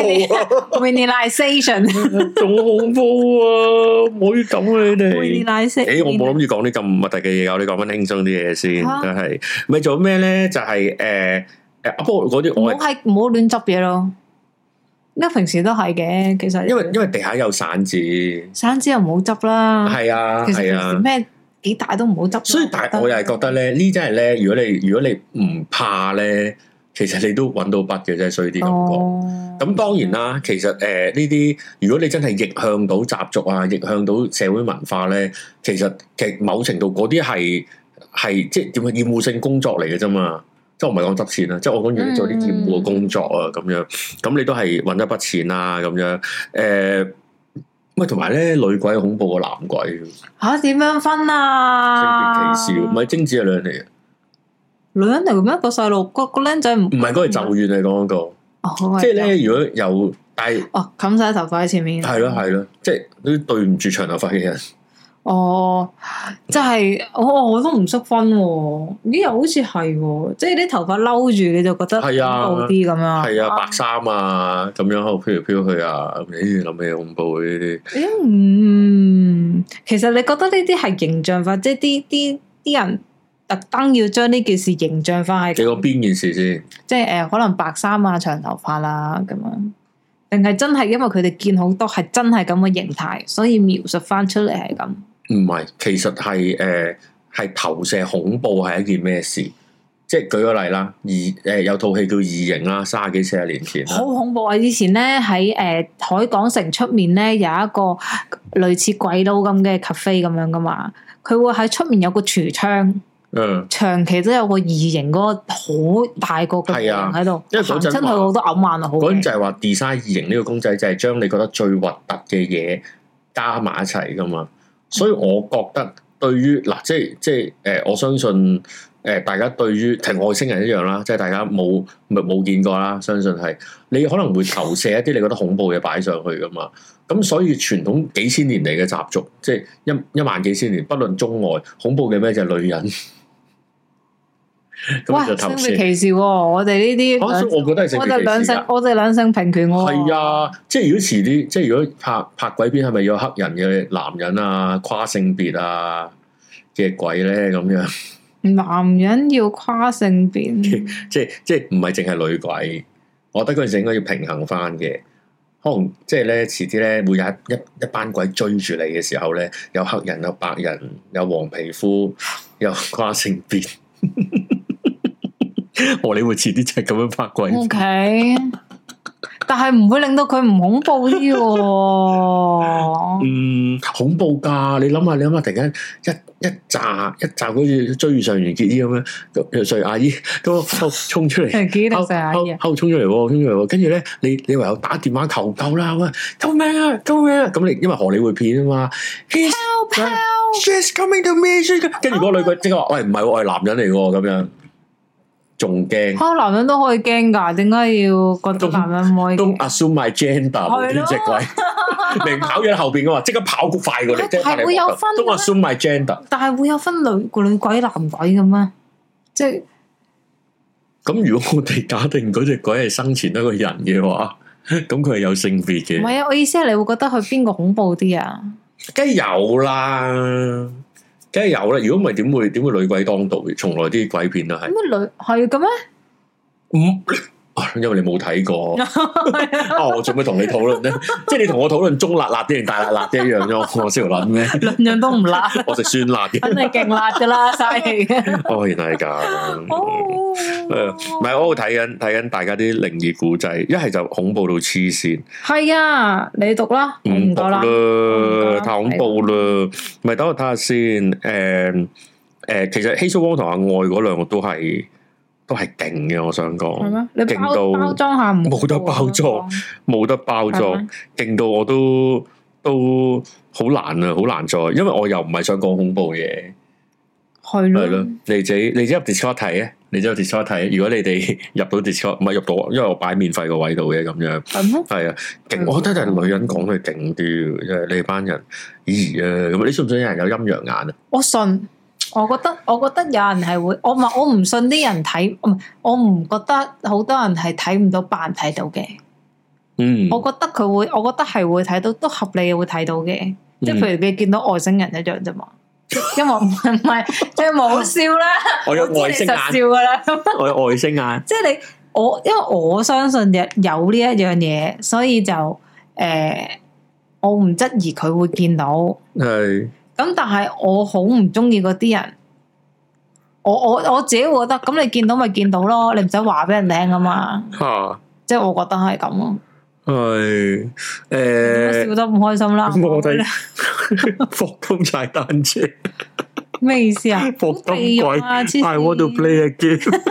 ，miniization 仲恐怖啊！唔可以咁啊，你哋。miniization，誒，我冇諗住講啲咁核突嘅嘢，我哋講翻輕鬆啲嘢先。真係，咩做咩咧？就係誒誒，不過嗰啲我係唔好亂執嘢咯。平時都係嘅，其實因為因為地下有散紙，散紙又唔好執啦。係啊，係啊，咩幾大都唔好執。所以，但我又係覺得咧，得呢真係咧，如果你如果你唔怕咧，其實你都揾到筆嘅啫。所以啲咁講，咁、哦嗯、當然啦。其實誒，呢、呃、啲如果你真係逆向到習俗啊，逆向到社會文化咧，其實其實某程度嗰啲係係即點講？厭惡性工作嚟嘅啫嘛。即係我唔係講執錢啦，嗯、即係我講你做啲業務嘅工作啊，咁樣咁你都係揾一筆錢啦，咁樣誒，喂、呃，同埋咧女鬼恐怖過男鬼，吓點、啊、樣分啊？性別歧視，唔係貞子係女人嚟嘅，女人同咩個細路個個僆仔唔唔係嗰個咒怨嚟講嗰個，即係咧如果有但係哦，冚晒頭髮喺前面，係咯係咯，即係啲對唔住長頭髮嘅人。哦，就係，哦，哦，哦，即係我我都唔識分喎，咦又好似係喎，即係啲頭髮嬲住你就覺得恐怖啲咁，啊、樣，係啊白衫啊咁，啊、樣後飄嚟飄去啊，咦諗起恐怖呢啲，嗯，其實你覺得呢啲係形象化，即係啲啲啲人特登要將呢件事形象化喺，幾個邊件事先？即係誒，呃，可能白衫啊、長頭髮啦、啊、咁樣，定係真係因為佢哋見好多係真係咁嘅形態，所以描述翻出嚟係咁。唔係，其實係誒，係、呃、投射恐怖係一件咩事？即係舉個例啦，二誒、呃、有套戲叫《異形》啦，卅幾四十年前。好恐怖啊！以前咧喺誒海港城出面咧有一個類似鬼佬咁嘅 cafe 咁樣噶嘛，佢會喺出面有個櫥窗，嗯，長期都有個異形嗰個好大個嘅人喺度，行親去好多噩夢啊！好，嗰陣就係話 design 異形呢個公仔就係將你覺得最核突嘅嘢加埋一齊噶嘛。所以，我覺得對於嗱、啊，即係即係誒、呃，我相信誒，大家對於同外星人一樣啦，即係大家冇冇見過啦，相信係你可能會投射一啲你覺得恐怖嘅擺上去㗎嘛。咁所以傳統幾千年嚟嘅習俗，即係一一萬幾千年，不論中外，恐怖嘅咩就係、是、女人。哇！就性別歧視喎、啊，我哋呢啲，啊、我哋、啊、兩性，我哋兩性平權、啊，我係啊，即係如果遲啲，即係如果拍拍鬼片，係咪要黑人嘅男人啊，跨性別啊嘅鬼咧咁樣？男人要跨性別 ，即係即係唔係淨係女鬼？我覺得嗰陣時應該要平衡翻嘅，可能即係咧遲啲咧，會有一一,一班鬼追住你嘅時候咧，有黑人，有白人，有黃皮膚，有跨性別。 荷里活遲啲就係咁樣拍鬼？O Okay , K， 但係唔會令到佢唔恐怖啲喎。嗯，恐怖噶，你諗下，你諗下，突然間一一扎一扎好似追上完結啲咁樣，阿瑞阿姨都衝衝出嚟，阿瑞阿姨後衝出嚟，衝出嚟，跟住咧，你你唯有打電話求救啦，喂，救命啊，救命！咁你因為荷里活片啊嘛？She's coming to me，跟住嗰個女鬼即刻話：喂、oh. 哎，唔係，我係男人嚟噶，咁樣。仲驚，吓、哦、男人都可以驚噶，點解要覺得男人唔可以？Don't assume my gender，嗰隻 鬼，零對了 跑咗喺後邊嘅嘛，即刻跑谷快過嚟，係會有分。Don't assume my gender，但係會有分女個女鬼、男鬼嘅咩？即係咁，如果我哋假定嗰隻鬼係生前一個人嘅話，咁佢係有性別嘅。唔係啊，我意思係你會覺得佢邊個恐怖啲啊？梗係有啦。梗係有啦，如果唔係點會點會女鬼當道？從來啲鬼片都係。咩女係咁咩？嗯。 因為你冇睇過， 哦，我做咩同你討論呢。 即係你同我討論中辣辣啲定大辣辣啲一樣啫，我先頭諗咩？兩樣都唔辣， 我食酸辣嘅。 肯定勁辣噶啦，嘥氣。哦，原來係咁。唔係，我睇緊睇緊大家啲靈異古仔，一係就恐怖到黐線。係啊，你讀啦，唔讀啦，太恐怖啦。咪等的我睇下先。誒、呃，誒、呃，其實《黑色汪》同阿愛嗰兩個都係。都係勁嘅，我想講，勁到裝下冇得包裝，冇得包裝，勁到我都都好難啊，好難再，因為我又唔係想講恐怖嘢，係咯嗎，係咯，你自己你自己，你自己入 Discord 睇啊，你自己 Discord 睇，如果你哋入到 Discord 唔係入到，因為我擺免費個位度嘅咁樣，係咯嗎，係啊，勁嗎、嗯，我覺得人女人講佢勁啲，即係你班人，咦啊，咁你算算信唔信有人有陰陽眼啊？我信。我覺得我覺得有人係會，我唔我唔信啲人睇，唔我唔覺得好多人係睇唔到，扮睇到嘅。嗯，我覺得佢會，我覺得係會睇到，都合理嘅會睇到嘅。即係譬如你見到外星人一樣啫嘛，嗯、因為唔係即係冇笑啦，我有外星眼笑噶啦，我有外星眼。 外星眼即係你我，因為我相信有有呢一樣嘢，所以就誒、欸，我唔質疑佢會見到。係。咁但係我好唔中意嗰啲人，我我我自己會覺得，咁你見到咪見到咯，你唔使話俾人聽啊嘛，哈即係我覺得係咁咯，係誒、呃、笑得唔開心啦，我 霍金踩單車咩意思啊？霍金變鬼，啊，I want to play a game，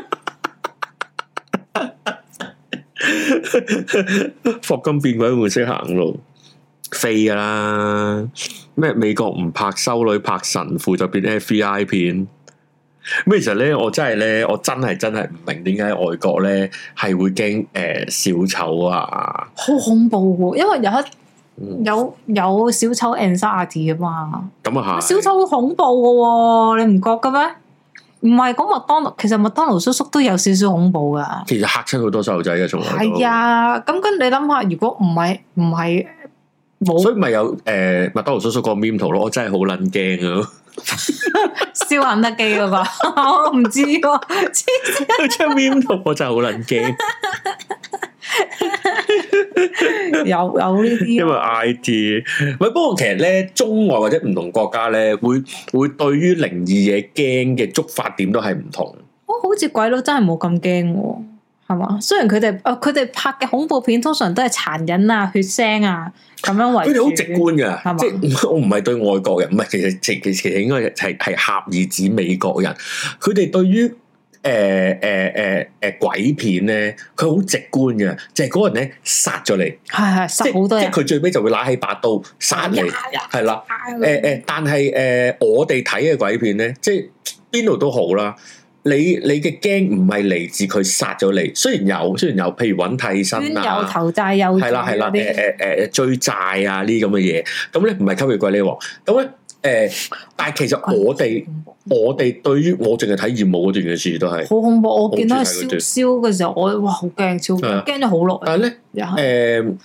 霍 金變鬼會識行路。飛噶啦，咩美國唔拍修女拍神父就變 F I 片。咩其實咧，我真係咧，我真係真係唔明點解外國咧係會驚誒、呃、小丑啊，好恐怖嘅，因為有一有有小丑 insanity 啊嘛，咁啊係小丑好恐怖嘅，你唔覺嘅咩？唔係講麥當勞，其實麥當勞叔叔都有少少恐怖噶，其實吓親好多細路仔嘅，仲有係啊。咁、嗯、跟，你諗下，如果唔係唔係？.所以咪有誒、呃、麥當勞叔叔個 meme 圖咯，我真係好撚驚啊！燒肯德基啊吧，我唔知喎。佢出 meme 圖，我真係好撚驚，有有呢啲。因為 IT 唔，不過其實咧，中外或者唔同國家咧，會會對於靈異嘢驚嘅觸發點都係唔同，哦。我好似鬼佬真係冇咁驚喎。係嘛？雖然佢哋，誒，佢哋拍嘅恐怖片通常都係殘忍啊、血腥啊咁樣圍。佢哋好直觀噶，係嘛？即係我唔係對外國人，唔係，其實其其實應該係係狹義指美國人。佢哋對於誒誒誒誒鬼片咧，佢好直觀噶，就係嗰人咧殺咗你，係係殺好多，即係佢最尾就會拿起把刀殺你，係啦。 誒誒，但係誒、呃、我哋睇嘅鬼片咧，即係邊度都好啦。你你嘅驚唔係嚟自佢殺咗你，雖然有，雖然有，譬如揾替身啊，有投債又、啊，係啦係啦，誒誒誒追債啊呢啲咁嘅嘢，咁咧唔係吸血鬼呢王，咁咧誒，但係其實我哋我哋對於我淨係睇業務嗰段嘅事都係好恐怖，我見到係燒燒嘅時候，我哇好驚，超驚咗好耐，啊、但係咧誒，譬、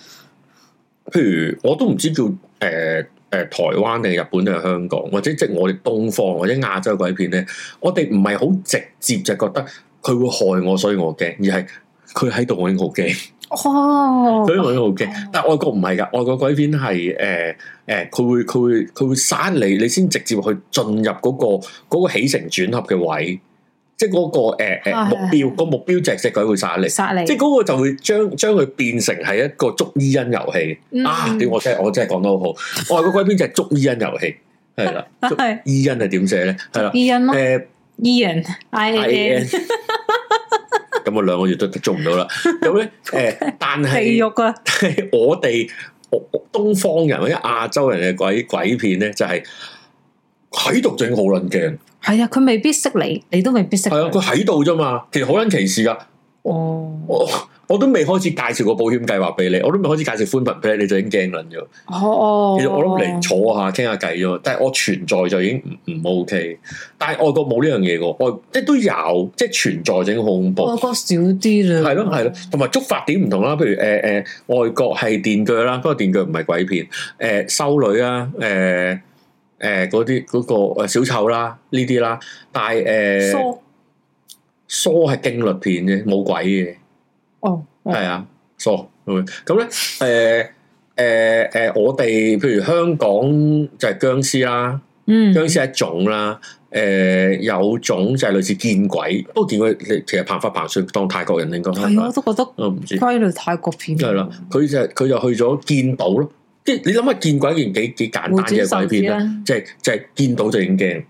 呃、如我都唔知叫誒。如如誒、呃、台灣定日本定香港，或者即我哋東方或者亞洲鬼片咧，我哋唔係好直接就覺得佢會害我，所以我驚，而係佢喺度我已經好驚哦，所以我已經好驚。哦、但外國唔係㗎，外國鬼片係誒誒，佢、呃呃、會佢會佢會殺你，你先直接去進入嗰個嗰個起承轉合嘅位。即係嗰個誒誒目標，個目標就係隻鬼會殺你，對對對，即係嗰個就會將將佢變成係一個捉伊恩遊戲。遊戲，嗯、啊，點，我真我真係講得好好，外國、嗯、鬼片就係捉伊恩遊戲，係啦 ou。 伊恩係點寫咧？係啦，伊恩咯。誒 I A N 咁我兩個月都捉唔到啦。咁咧，誒，但係，肌肉啊。係我哋東東方人或者亞洲人嘅鬼鬼片咧，就係喺度整豪輪槍。係啊，佢、哎、未必識你，你都未必識佢。係啊，佢喺度啫嘛，其實好撚歧視噶。哦、oh.，我都未開始介紹個保險計劃俾你，我都未開始介紹寬頻俾你，你就已經驚咗，就哦。其實我諗嚟坐下傾下計啫，但係我存在就已經唔唔 OK。但係外國冇呢樣嘢喎，外國即係都有，即係存在，整好恐怖。外國、oh, 少啲啦，係咯係咯，同埋觸發點唔同啦。譬如誒誒、欸欸，外國係電鋸啦，嗰個電鋸唔係鬼片，誒、欸欸呃呃、修女啊，誒、欸。嗯誒，嗰啲嗰個誒、呃、小丑啦，呢啲啦，但係誒，疏疏係驚慄片嘅，冇鬼嘅、哦。哦，係啊，疏咁咧，誒誒誒，我哋譬如香港就係僵屍啦，僵屍一種啦，誒、嗯嗯嗯，有種就係類似見鬼，不過見鬼你其實憑發憑算當泰國人應該，係、哎、我都覺得，我唔知歸類泰國片。係啦，佢就佢就去咗見島咯。你諗下見鬼件幾幾簡單嘅鬼片咧，即係即係見到就已經驚，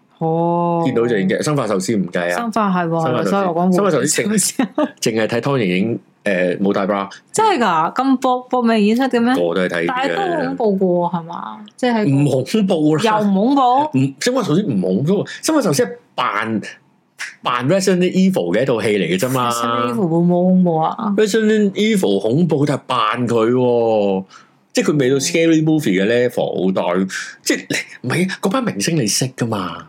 見到就已經驚。生化壽司唔計啊，生化係喎，所以我講生化壽司淨係睇湯盈盈，誒，冇大 b 真係噶咁博博命演出嘅咩？我都係睇，但都恐怖嘅係嘛？即係唔恐怖啦，又唔恐怖？唔生化壽司唔恐怖，生化壽司係扮扮 Resident Evil 嘅一套戲嚟嘅啫嘛。Resident Evil 恐怖啊 Resident Evil 恐怖，但係扮佢。即係佢未到 scary movie 嘅 level，但即係，唔係嗰班明星你識㗎嘛？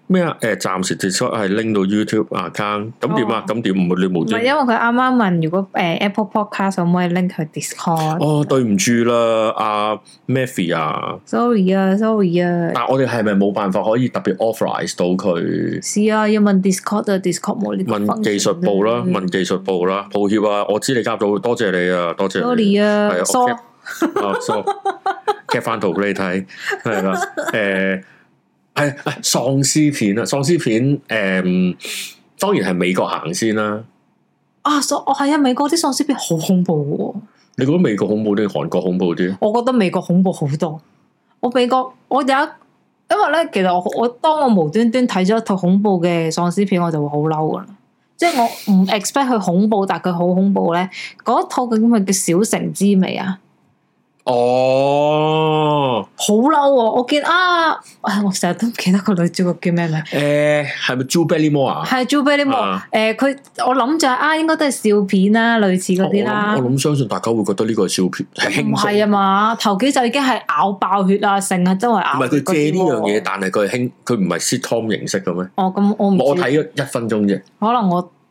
咩啊誒暫時 Discord 係拎到 YouTube account 咁點啊咁點唔會你冇因為佢啱啱問如果誒 Apple Podcast 可唔可以拎佢 Discord 哦對唔住啦阿 mathie 啊 sorry 啊 sorry 啊但我哋係咪冇辦法可以特別 authorize 到佢是啊要問 Discord Discord 問技術部啦問技術部啦抱歉啊我知你加到多謝你啊多謝 sorry 啊係啊我啊 sorry get 翻圖俾你睇係啦誒係誒，喪屍、啊、片啊，喪屍片誒、嗯，當然係美國行先啦。啊，喪我係啊，美國啲喪屍片好恐怖嘅。你覺得美國恐怖啲，韓國恐怖啲？我覺得美國恐怖好多。我美國我有一，因為咧，其實我我當我無端端睇咗一套恐怖嘅喪屍片，我就會好嬲㗎啦。即係我唔 expect 佢恐怖，但係佢好恐怖咧。嗰套叫咩？叫《小城之味》啊！哦，好嬲我見啊！我成日都唔記得個女主角叫咩名？誒、欸，係咪 Drew Barrymore 啊？係 Drew Barrymore 誒，佢我諗就係啊，應該都係笑片啦，類似嗰啲啦。我諗相信大家會覺得呢個係笑片，係輕。唔係啊嘛，頭幾集已經係咬爆血啊，成日周圍咬。唔係佢借呢樣嘢，但係佢係輕，佢唔係 sitcom 形式嘅咩？哦，咁我唔。我睇咗一分鐘啫。可能我。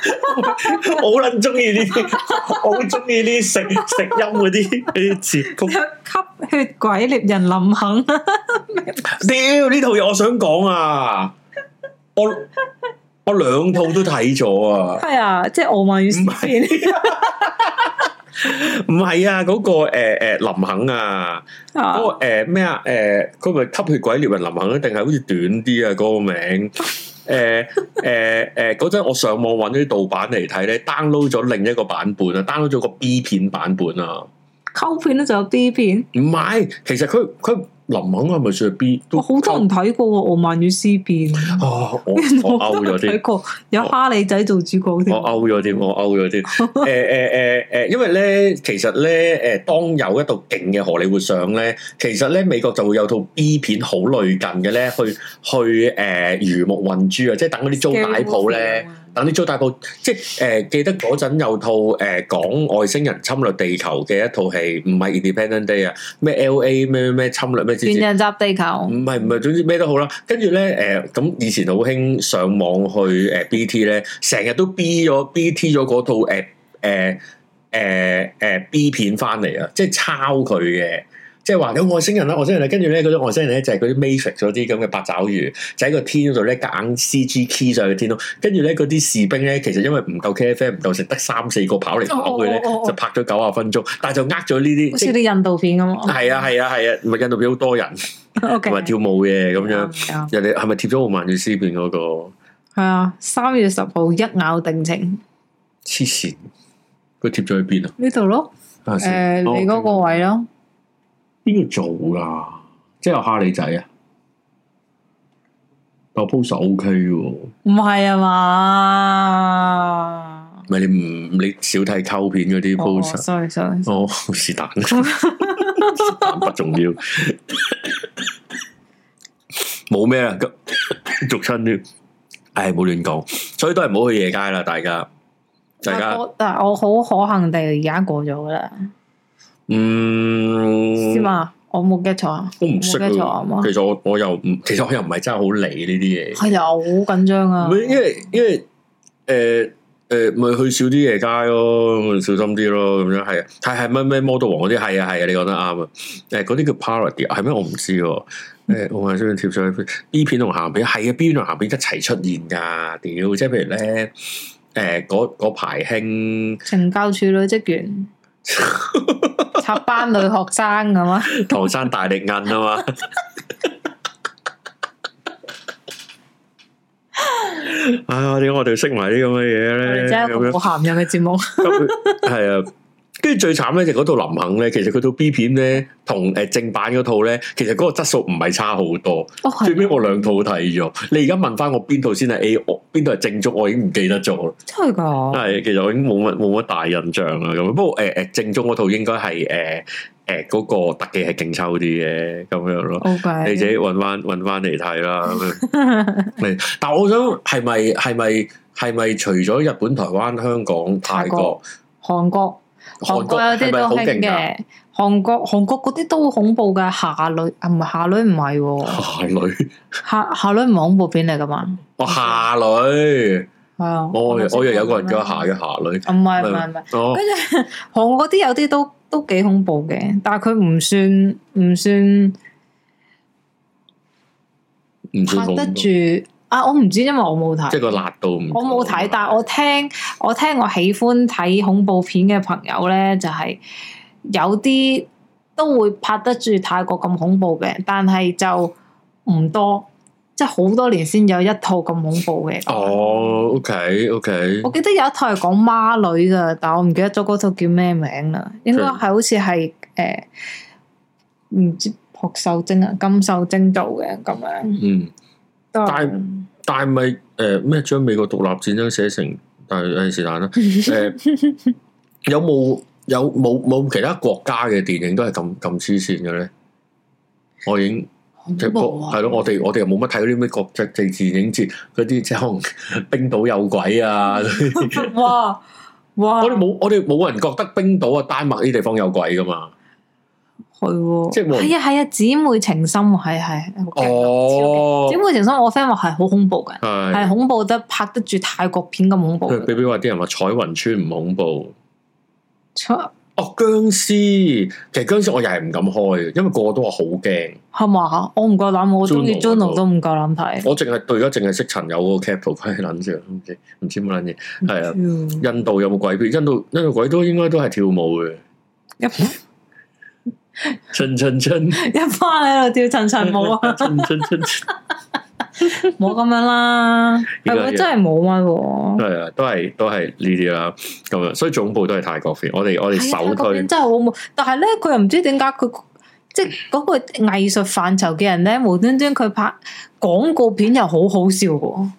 好捻中意呢啲，我好中意啲食食音嗰啲嗰啲字曲。吸血鬼獵人林肯。屌，呢套嘢我想講啊！我我兩套都睇咗啊。係啊，即係《傲慢與唔係啊，嗰個誒誒林肯啊，嗰個誒咩啊？誒，佢咪吸血鬼獵人林肯咧？定係好似短啲啊？嗰個名。誒誒誒，嗰陣、 欸欸欸、我上網揾啲盜版嚟睇咧，download 咗另一個版本啊，download 咗個 B 片版本啊，溝片咧就有 B 片，唔係，其實佢佢。林肯係咪算係 B？我好多人睇過《傲慢與偏見》啊、哦，我我都睇 過，有哈利仔做主角、哦嗯。我 out 咗啲，我 out 咗啲，誒誒誒誒， 因為咧，其實咧，誒，當有一套勁嘅荷里活上咧，其實咧，美國就會有套 B 片好類近嘅咧，去去誒，魚目混珠啊，即係等嗰啲租擺鋪咧。嗱，但你最大部即係誒、呃，記得嗰陣有套誒講、呃、外星人侵略地球嘅一套戲，唔係 Independent Day 啊，咩 L A 咩咩侵略咩？外星人襲地球。唔係唔係，總之咩都好啦。跟住咧，誒、呃、咁以前好興上網去誒 B T 咧，成、呃、日都 B 咗 B T 咗嗰套誒誒誒誒 B 片翻嚟啊，即係抄佢嘅。即係話有外星人啦，外星人咧，跟住咧嗰種外星人咧就係嗰啲 Matrix 咗啲咁嘅八爪魚，就喺個天度咧夾硬 CG key 上去天咯。跟住咧嗰啲士兵咧，其實因為唔夠 KFM，唔夠食得三四個跑嚟跑去咧，就拍咗九啊分鐘，但係就呃咗呢啲，好似啲印度片咁。係啊係啊係啊，唔係印度片好多人，同埋跳舞嘅咁樣。人哋係咪貼咗《傲慢與偏見》片嗰個？係啊，三月十號一咬定情，黐線，佢貼咗喺邊啊？呢度咯，誒，你嗰個位咯。邊個做噶？即係我嚇你仔啊！個 post OK 喎，唔係啊嘛？咪你唔你少睇偷片嗰啲 post、oh, sorry sorry，哦是但， 不重要，冇咩啊咁，俗親啲，唉，冇亂講，所以都係唔好去夜街啦，大家，大家，但我,我好可幸地而家過咗啦。嗯，點我冇 get 錯啊，我唔識啊嘛。嗯、其實我我又唔，其實我又唔係真係好理呢啲嘢。係啊，好緊張啊。因為因為誒誒，咪、呃呃呃呃、去少啲夜街咯，小心啲咯，咁樣係啊，睇係咩咩 model 王嗰啲係啊係啊，你覺得啱啊？誒、呃，嗰啲叫 parody 係咩？我唔知。誒、呃，我係想貼上去。B 片同鹹片，係啊，B 片同鹹片一齊出現噶屌！即係譬如咧，誒、呃，嗰排興懲教處女職員。插 班女學生咁啊？唐山大力硬啊嘛！唉，呀，點解我哋識埋啲咁嘅嘢咧？真係冇涵養嘅節目。 係啊。跟住最慘咧就嗰套林肯咧，其實佢套 B 片咧同誒正版嗰套咧，其實嗰個質素唔係差好多。Oh, 最屘我兩套睇咗，你而家問翻我邊套先係 A，邊套係正宗，我已經唔記得咗。真係噶？係，其實我已經冇乜冇乜大印象啦。咁，不過誒誒，正宗嗰套應該係誒誒嗰、嗰個特技係勁抽啲嘅，咁樣咯。Okay. 你自己搵翻搵翻嚟睇啦。 但我想係咪係咪係咪除咗日本、台灣、香港、泰國、韓國？韓國有啲都興嘅，韓國韓國嗰啲都好恐怖嘅。夏女啊，唔係夏女，唔係夏女，夏夏女唔係恐怖片嚟噶嘛？哦，夏女係啊，我我又有個人叫夏嘅夏女，唔係唔係唔係，跟住韓國啲有啲都都幾恐怖嘅，但係佢唔算唔算，拍得住。啊！我唔知，因為我冇睇。即係個辣度唔同。我冇睇，但係我聽，我聽我喜歡睇恐怖片嘅朋友咧，就係、是、有啲都會拍得住泰國咁恐怖嘅，但係就唔多，即係好多年先有一套咁恐怖嘅。哦，OK，OK。我記得有一套係講孖女嘅，但係我唔記得咗嗰套叫咩名啦，應該係 Okay. 好似係誒，唔、呃、知朴秀晶啊、金秀晶做嘅咁樣。嗯、mm，hmm. 對但係。但係咪誒咩將美國獨立戰爭寫成但係歷史爛啦？誒、呃、有冇有冇冇其他國家嘅電影都係咁咁黐線嘅咧？我影即係係咯，我哋我哋又冇乜睇嗰啲咩國際電影節嗰啲，即係可能冰島有鬼啊！哇 哇！哇我哋冇我哋冇人覺得冰島啊、丹麥呢地方有鬼噶嘛？係喎，係啊係啊，姊妹情深，係係哦。姊妹情深，我 friend 話係好恐怖嘅，係恐怖得拍得住泰國片咁恐怖。佢比比話啲人話彩雲村唔恐怖，哦僵屍，其實僵屍我又係唔敢開嘅，因為個個都話好驚。係嘛，我唔夠膽，我中意 journal 都唔夠膽睇。我淨係到而家淨係識陳友嗰個 cap 圖鬼嘅捻嘢，唔知唔知乜捻嘢係啊？印度有冇鬼片？印度印度鬼都應該都係跳舞嘅。一春春春，一花喺度跳春春舞啊！春春春，冇咁樣啦，係咪 真係冇嘛？係啊，都係都係呢啲啦，咁樣，所以總部都係泰國片，我哋我哋首推、啊、片真係好冇，但係咧佢又唔知點解佢即係嗰個藝術範疇嘅人咧，無端端佢拍廣告片又好好笑嘅。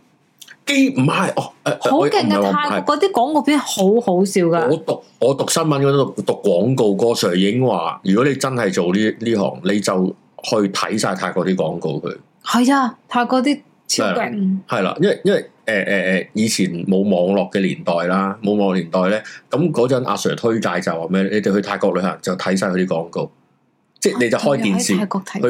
唔係、欸、哦，好勁嘅，泰國啲廣告片好好笑噶。我讀我讀新聞嗰度讀廣告歌，哥 Sir 已經話，如果你真係做呢呢行，你就去睇晒泰國啲廣告佢。係啊，泰國啲超勁。係啦，因為因為誒誒誒，以前冇網絡嘅年代啦，冇網絡年代咧，咁嗰陣阿 Sir 推介就話咩？你哋去泰國旅行就睇晒佢啲廣告。即係你就開電視，去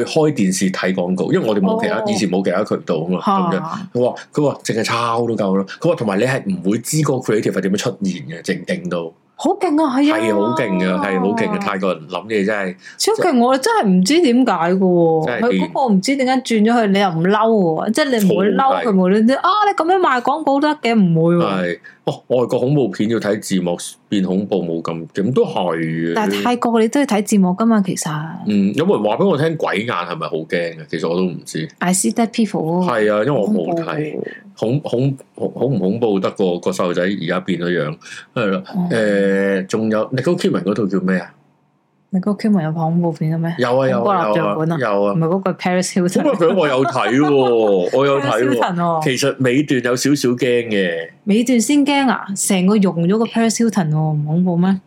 開電視睇廣告，因為我哋冇其他，以前冇其他渠道啊嘛，咁樣。佢話佢話淨係抄都夠咯。佢話同埋你係唔會知個 creative 係點樣出現嘅，正勁到。好勁啊！係啊！係好勁啊，係好勁嘅。泰國人諗嘢真係超勁，我真係唔知點解嘅喎。佢嗰個唔知點解轉咗去，你又唔嬲喎？即係你唔會嬲佢，無論你啊，你咁樣賣廣告都得嘅，唔會喎。哦，外國恐怖片要睇字幕變恐怖冇咁，咁都係。但係泰國你都要睇字幕噶嘛，其實。嗯，有冇人話俾我聽鬼眼係咪好驚嘅？其實我都唔知。I see that people。係啊，因為我冇睇怖，恐恐恐唔恐怖得過個個細路仔而家變咗樣，係啦。誒、嗯、仲、呃、有 Nicole Kidman 嗰套叫咩啊？你嗰 Q 咪有恐怖片嘅咩？有啊有啊有啊，唔係嗰個 Paris Hilton。嗰我有睇，我有睇。有 Paris Hilton 其實尾段有少少驚嘅。尾段先驚啊！成個融咗個 Paris Hilton，唔恐怖咩？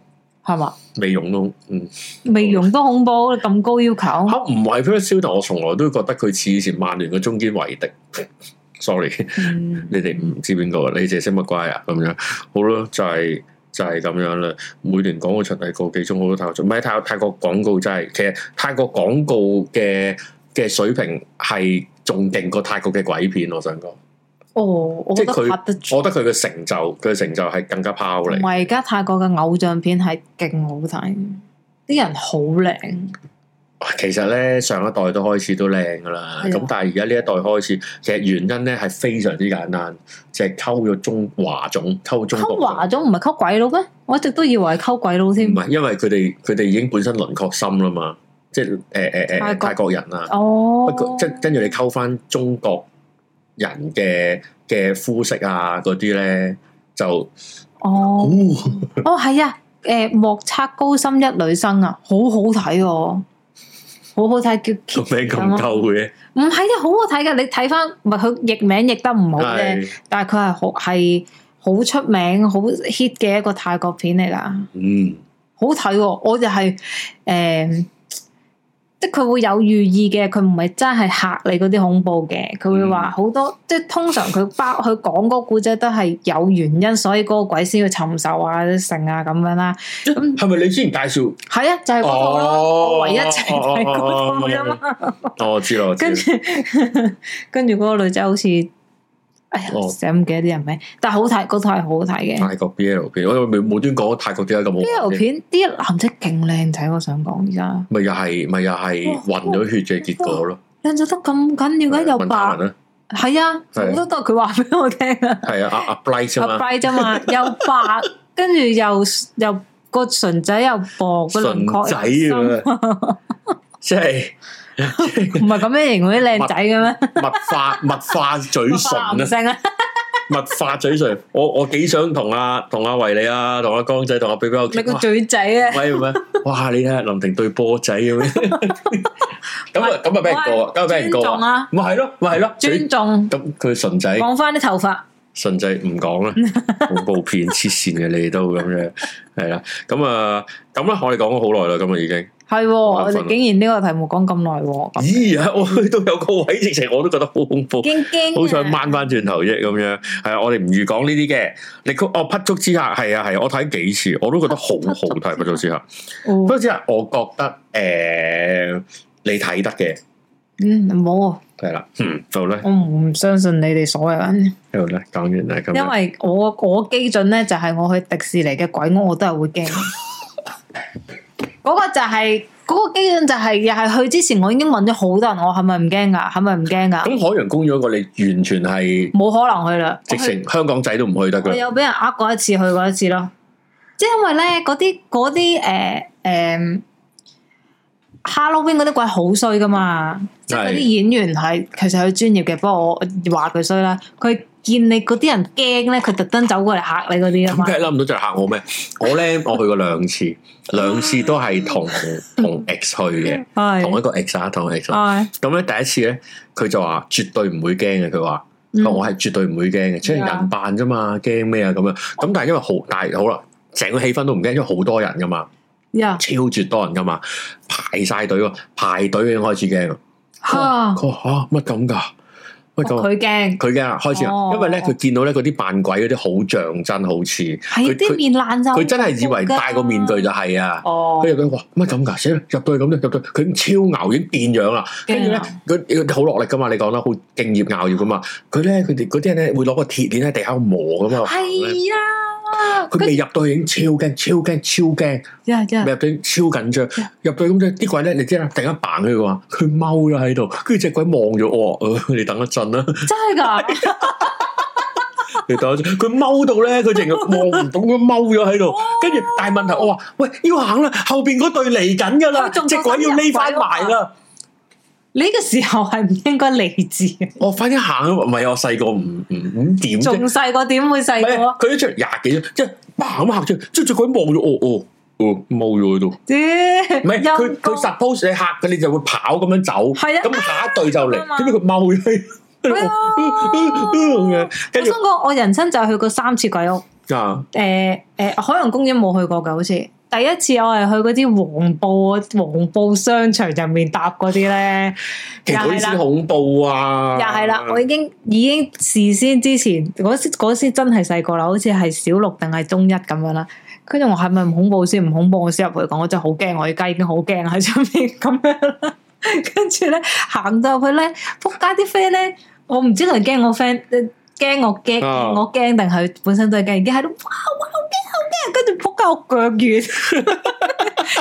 係嘛？未融都，嗯。未融都恐怖，咁高要求。唔係、啊、Paris Hilton，我從來都覺得佢似以前曼聯嘅中堅維迪。 Sorry，、嗯、你哋唔知邊個，你哋識乜怪啊？咁樣好咯，就係、是。就係咁樣啦，每年廣告出嚟個幾鐘好多睇得，唔係泰國，泰國廣告真係，其實泰國廣告嘅嘅水平係仲勁過泰國嘅鬼片，我想講。哦，即係佢，我覺得佢嘅成就，佢嘅成就係更加拋嚟。唔係，而家泰國嘅偶像片係勁好睇，啲人好靚。其實咧，上一代都開始都靚噶啦，咁的但係而家呢一代開始，其實原因咧係非常之簡單，就係溝咗中華種，溝中溝華種唔係溝鬼佬咩？我一直都以為係溝鬼佬添。唔係，因為佢哋佢哋已經本身輪廓深啦嘛，即係誒誒誒泰國人啊，國過哦，不過即係跟住你溝翻中國人嘅嘅膚色啊嗰啲咧就哦哦，係啊、哦，誒、 哦、莫測高深一女生啊，好好睇、哦。好好睇，叫名咁夠啊唔係嘅，好好睇嘅。你睇翻，唔係佢譯名譯得唔好嘅，的但係佢係好係好出名、好 hit 嘅一個泰國片嚟㗎。嗯，好睇、哦，我就係、是、誒。欸即佢會有寓意嘅，佢唔係真係嚇你嗰啲恐怖嘅，佢會話好多，即係通常佢包佢講嗰個古仔都係有原因，所以嗰個鬼先要尋仇啊，成啊咁樣啦。係咪你之前介紹？係啊一、嗯，就係嗰個咯，哦，唯一就係嗰個啊嘛。知，哦哦哦，我知跟住，跟住嗰個女仔好似。哦，成日唔記得啲人名，但係好睇，嗰套係好睇嘅。泰國 B L 片，我冇冇端講泰國啲咁好。B L 片啲男仔勁靚仔，我想講而家。咪又係，咪又係混咗血嘅結果咯。靚仔得咁緊要，梗係又白。係啊，好多都係佢話俾我聽啊。係啊，阿阿 Bright 嘛，Bright 嘛，又白，跟住又又個唇仔又薄，個輪廓咁深，係。唔係咁樣形容啲靚仔嘅咩？物化物化嘴唇啊！物化嘴唇，我我幾想同阿同阿維利啊，同阿江仔，同阿 B B。你個嘴仔啊！喂，咩？哇！你睇下林婷對波仔咁樣，咁啊咁啊俾人過啊，咁俾人過啊！咪係咯，咪係咯，尊重。咁佢純仔，放翻啲頭髮。純仔唔講啦，恐怖片黐線嘅你都咁樣係啦。咁啊，咁啦，我哋講咗好耐啦，咁啊已經。係，啊、我哋竟然呢個題目講咁耐。咦，哎呀嗯、我都有個位直情，我都覺得好恐怖，驚驚、好、啊、想掹翻轉頭啫咁樣。係啊，我哋唔預講呢啲嘅。你佢哦，不速之客，係啊係，我睇幾次，我都覺得好好睇。不速之客。不速之客，嗯、我覺得誒、呃，你睇得嘅，嗯，冇係啦。嗯，就咧，我唔相信你哋所有人。一路咧，講完啦，因為我我基准咧就係、是、我去迪士尼嘅鬼屋，我都係會驚。 嗰個就係、是，嗰、那個基本就係，又係去之前我已經問咗好多人，我係咪唔驚噶，係咪唔驚噶？咁海洋公園嗰個你完全係冇可能去啦，直情香港仔都唔去得噶。你去有俾人呃過一次，去過一次咯，即係因為咧嗰啲嗰啲誒誒，Halloween 嗰啲鬼好衰噶嘛，是即係嗰啲演員係其實係專業嘅，不過我話佢衰啦，佢。見你嗰啲人驚咧，佢特登走過嚟嚇你嗰啲啊，咁梗係諗唔到就係嚇我咩？ 我咧我去過兩次，兩次都係同 同 X 去嘅，同一個 X 啊，同一個 X。咁咧第一次咧，佢就話絕對唔會驚嘅，佢話我係絕對唔會驚嘅，即係、嗯、人扮咋嘛，驚咩啊咁樣？咁但係因為好大好啦，成個氣氛都唔驚，因為好多人噶嘛，嗯、超絕多人噶嘛，排晒隊，排隊已經開始驚啦。佢話 吓乜咁噶？佢驚，佢驚、哦、開始，哦、因為咧佢、哦、見到咧嗰啲扮鬼嗰啲好像、哎、真好似，佢啲面爛就，佢真係以為戴個面具就係啊，佢又佢哇乜咁噶，死啦入到去咁咧，入到佢已經超牛，已經變樣啦，跟住咧佢好落力噶嘛，你講得好敬業樂業噶嘛，佢咧佢哋嗰啲人咧會攞個鐵鏈喺地下磨噶嘛，係啊。佢未入到已經超驚超驚超驚，未入到已經超緊張，入到咁樣，啲鬼咧，你知啦，突然間掹佢話，佢踎咗喺度，跟住隻鬼望咗我話，你等一陣啦，真係噶，你等一陣，佢踎到咧，佢淨係望唔到，佢踎咗喺度，跟住哇大問題我話，喂，要行啦，後邊嗰對嚟緊噶啦，隻鬼、啊、鬼要匿翻埋啦。呢個時候係唔應該理智？我快啲行啊！唔係我細個唔五五點仲細個點會細個？佢一出廿幾，即係行咁嚇住，即係最鬼毛咗，哦哦哦，冇咗喺度。啲唔係佢佢 suppose 你嚇佢，你就會跑咁樣走，咁下一隊就嚟，點知佢踎咗喺。係啊，跟住我想講，我人生就去過三次鬼屋啊！誒誒，海洋公園冇去過㗎，好似。第一次我係去嗰啲黃埔黃埔商場入面搭嗰啲咧，其實好恐怖啊！又係啦，我已經已經事先之前嗰嗰時，時真係細個啦，好似係小六定係中一咁樣啦。跟住我係咪唔恐怖先？唔恐怖，我先入去講，我就好驚。我而家已經好驚喺上面咁樣啦。跟住咧行到去咧，仆街啲 friend 咧，我唔知佢驚我 friend。驚我驚、oh. 我驚，定係本身都係驚，已經喺度哇哇好驚好驚，跟住仆街我腳軟，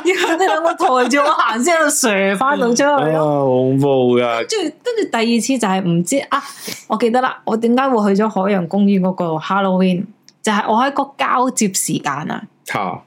然後啲兩個抬住我行先喺度射翻到出去。好,好 走走、oh, 恐怖㗎！跟住跟住第二次就係唔知啊，我記得啦，我點解會去咗海洋公園嗰個 Halloween？就係我喺個交接時間啊。Oh.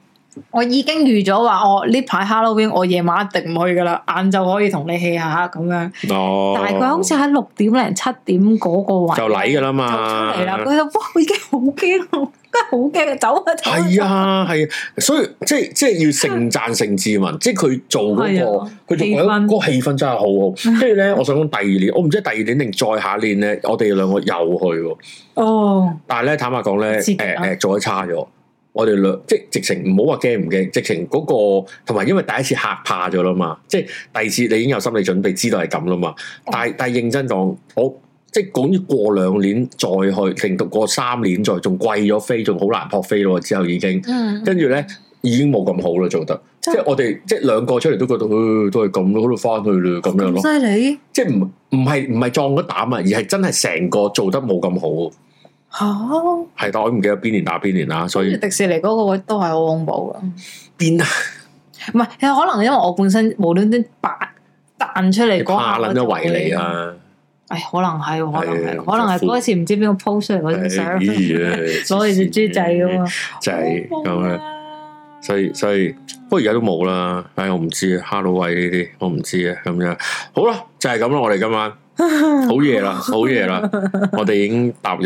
我已經預咗話我呢排 Halloween 我夜晚一定唔去噶啦，晏晝可以同你 hea 下咁樣。哦，但係佢好似喺六點零七點嗰個位就嚟噶啦嘛，出嚟啦！佢就哇已經好驚，真係好驚，走啊走啊！係啊係、啊，所以即係即係要盛讚盛志文， 即係佢做嗰、嗰個佢同嗰個嗰氛個氣氛真係好好。跟住咧，我想講第二年，我唔知第二年定再下年咧，我哋兩個又去哦。Oh. 但係咧，坦白講咧，誒、呃、誒、呃呃，做得差咗。 我哋兩即係直情唔好話驚唔驚，直情嗰、嗰個，同埋因為第一次嚇怕咗啦嘛，即係第二次你已經有心理準備，知道係咁啦嘛。但係、嗯、但係認真講，我即係講啲過兩年再去，令到過三年再仲貴咗飛，仲好難撲飛咯。之後已經，嗯，跟住咧已經冇咁好啦，做得真即係我哋即係兩個出嚟都覺得，都係咁咯，都翻去啦，咁樣咯。犀利！即係唔唔係唔係撞咗膽啊，而係真係成個做得冇咁好。哦，係，但係我唔記得邊年打邊年啦，所以迪士尼嗰位都係好恐怖噶。邊啊？唔係，可能因為我本身無端端白彈出嚟下，諗咗圍你啊。誒，可能係，可能係，可能係嗰次唔知邊個拋出嚟嗰陣時攞住隻豬仔啊嘛，仔咁啊。所以所以，不過而家都冇啦。唉，我唔知啊 Halloween 呢啲我唔知啊。咁樣好啦，就係咁啦。我哋今晚。好夜啦，好夜啦，我哋已經踏入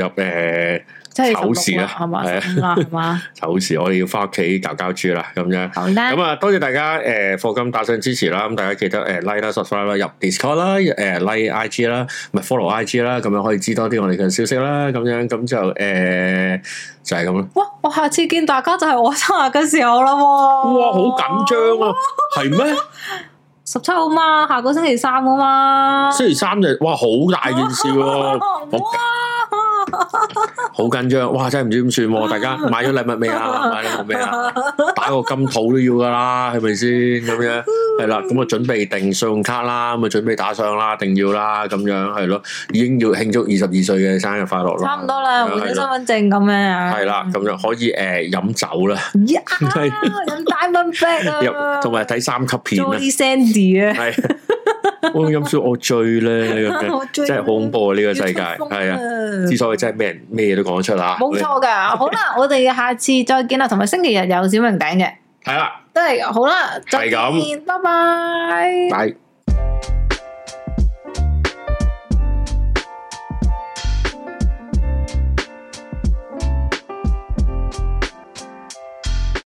誒丑時啦，係嘛，係嘛，丑時，我哋要翻屋企搞搞住啦，咁樣，好啦，咁啊，多謝大家誒，課金打賞支持啦，咁大家記得誒，like 啦，subscribe 啦，入 Discord 啦，誒，like IG 啦，咪 follow IG 啦，咁樣可以知多啲我哋嘅消息啦，咁樣，咁就誒，就係咁啦。哇，我下次見大家就係我生日嘅時候啦，哇，好緊張啊，係咩？十七號嘛，下個星期三啊嘛，星期三就，哇，好大件事喎，好緊張，哇！真係唔知點算喎，大家買咗禮物未啊？買咗禮物未啊？打個金套都要噶啦，係咪先咁樣？係啦，咁啊準備定信用卡啦，咁啊準備打賞啦，定要啦，咁樣係咯，已經要慶祝二十二歲嘅生日快樂咯，差唔多啦，換身份證咁樣，係啦，咁樣可以誒飲酒啦，飲大笨伯啊，同埋睇三級片啦，做啲 sendy 啊。 哦、音我陰, 樣笑我醉咧了，真係好恐怖啊！呢個世界係啊，之所以真係咩人咩嘢都講得出啊，冇錯噶。 好啦，我哋下次再見啦，同埋星期日有小明頂嘅，係啦了，都係好啦，係咁，就拜拜，拜、拜。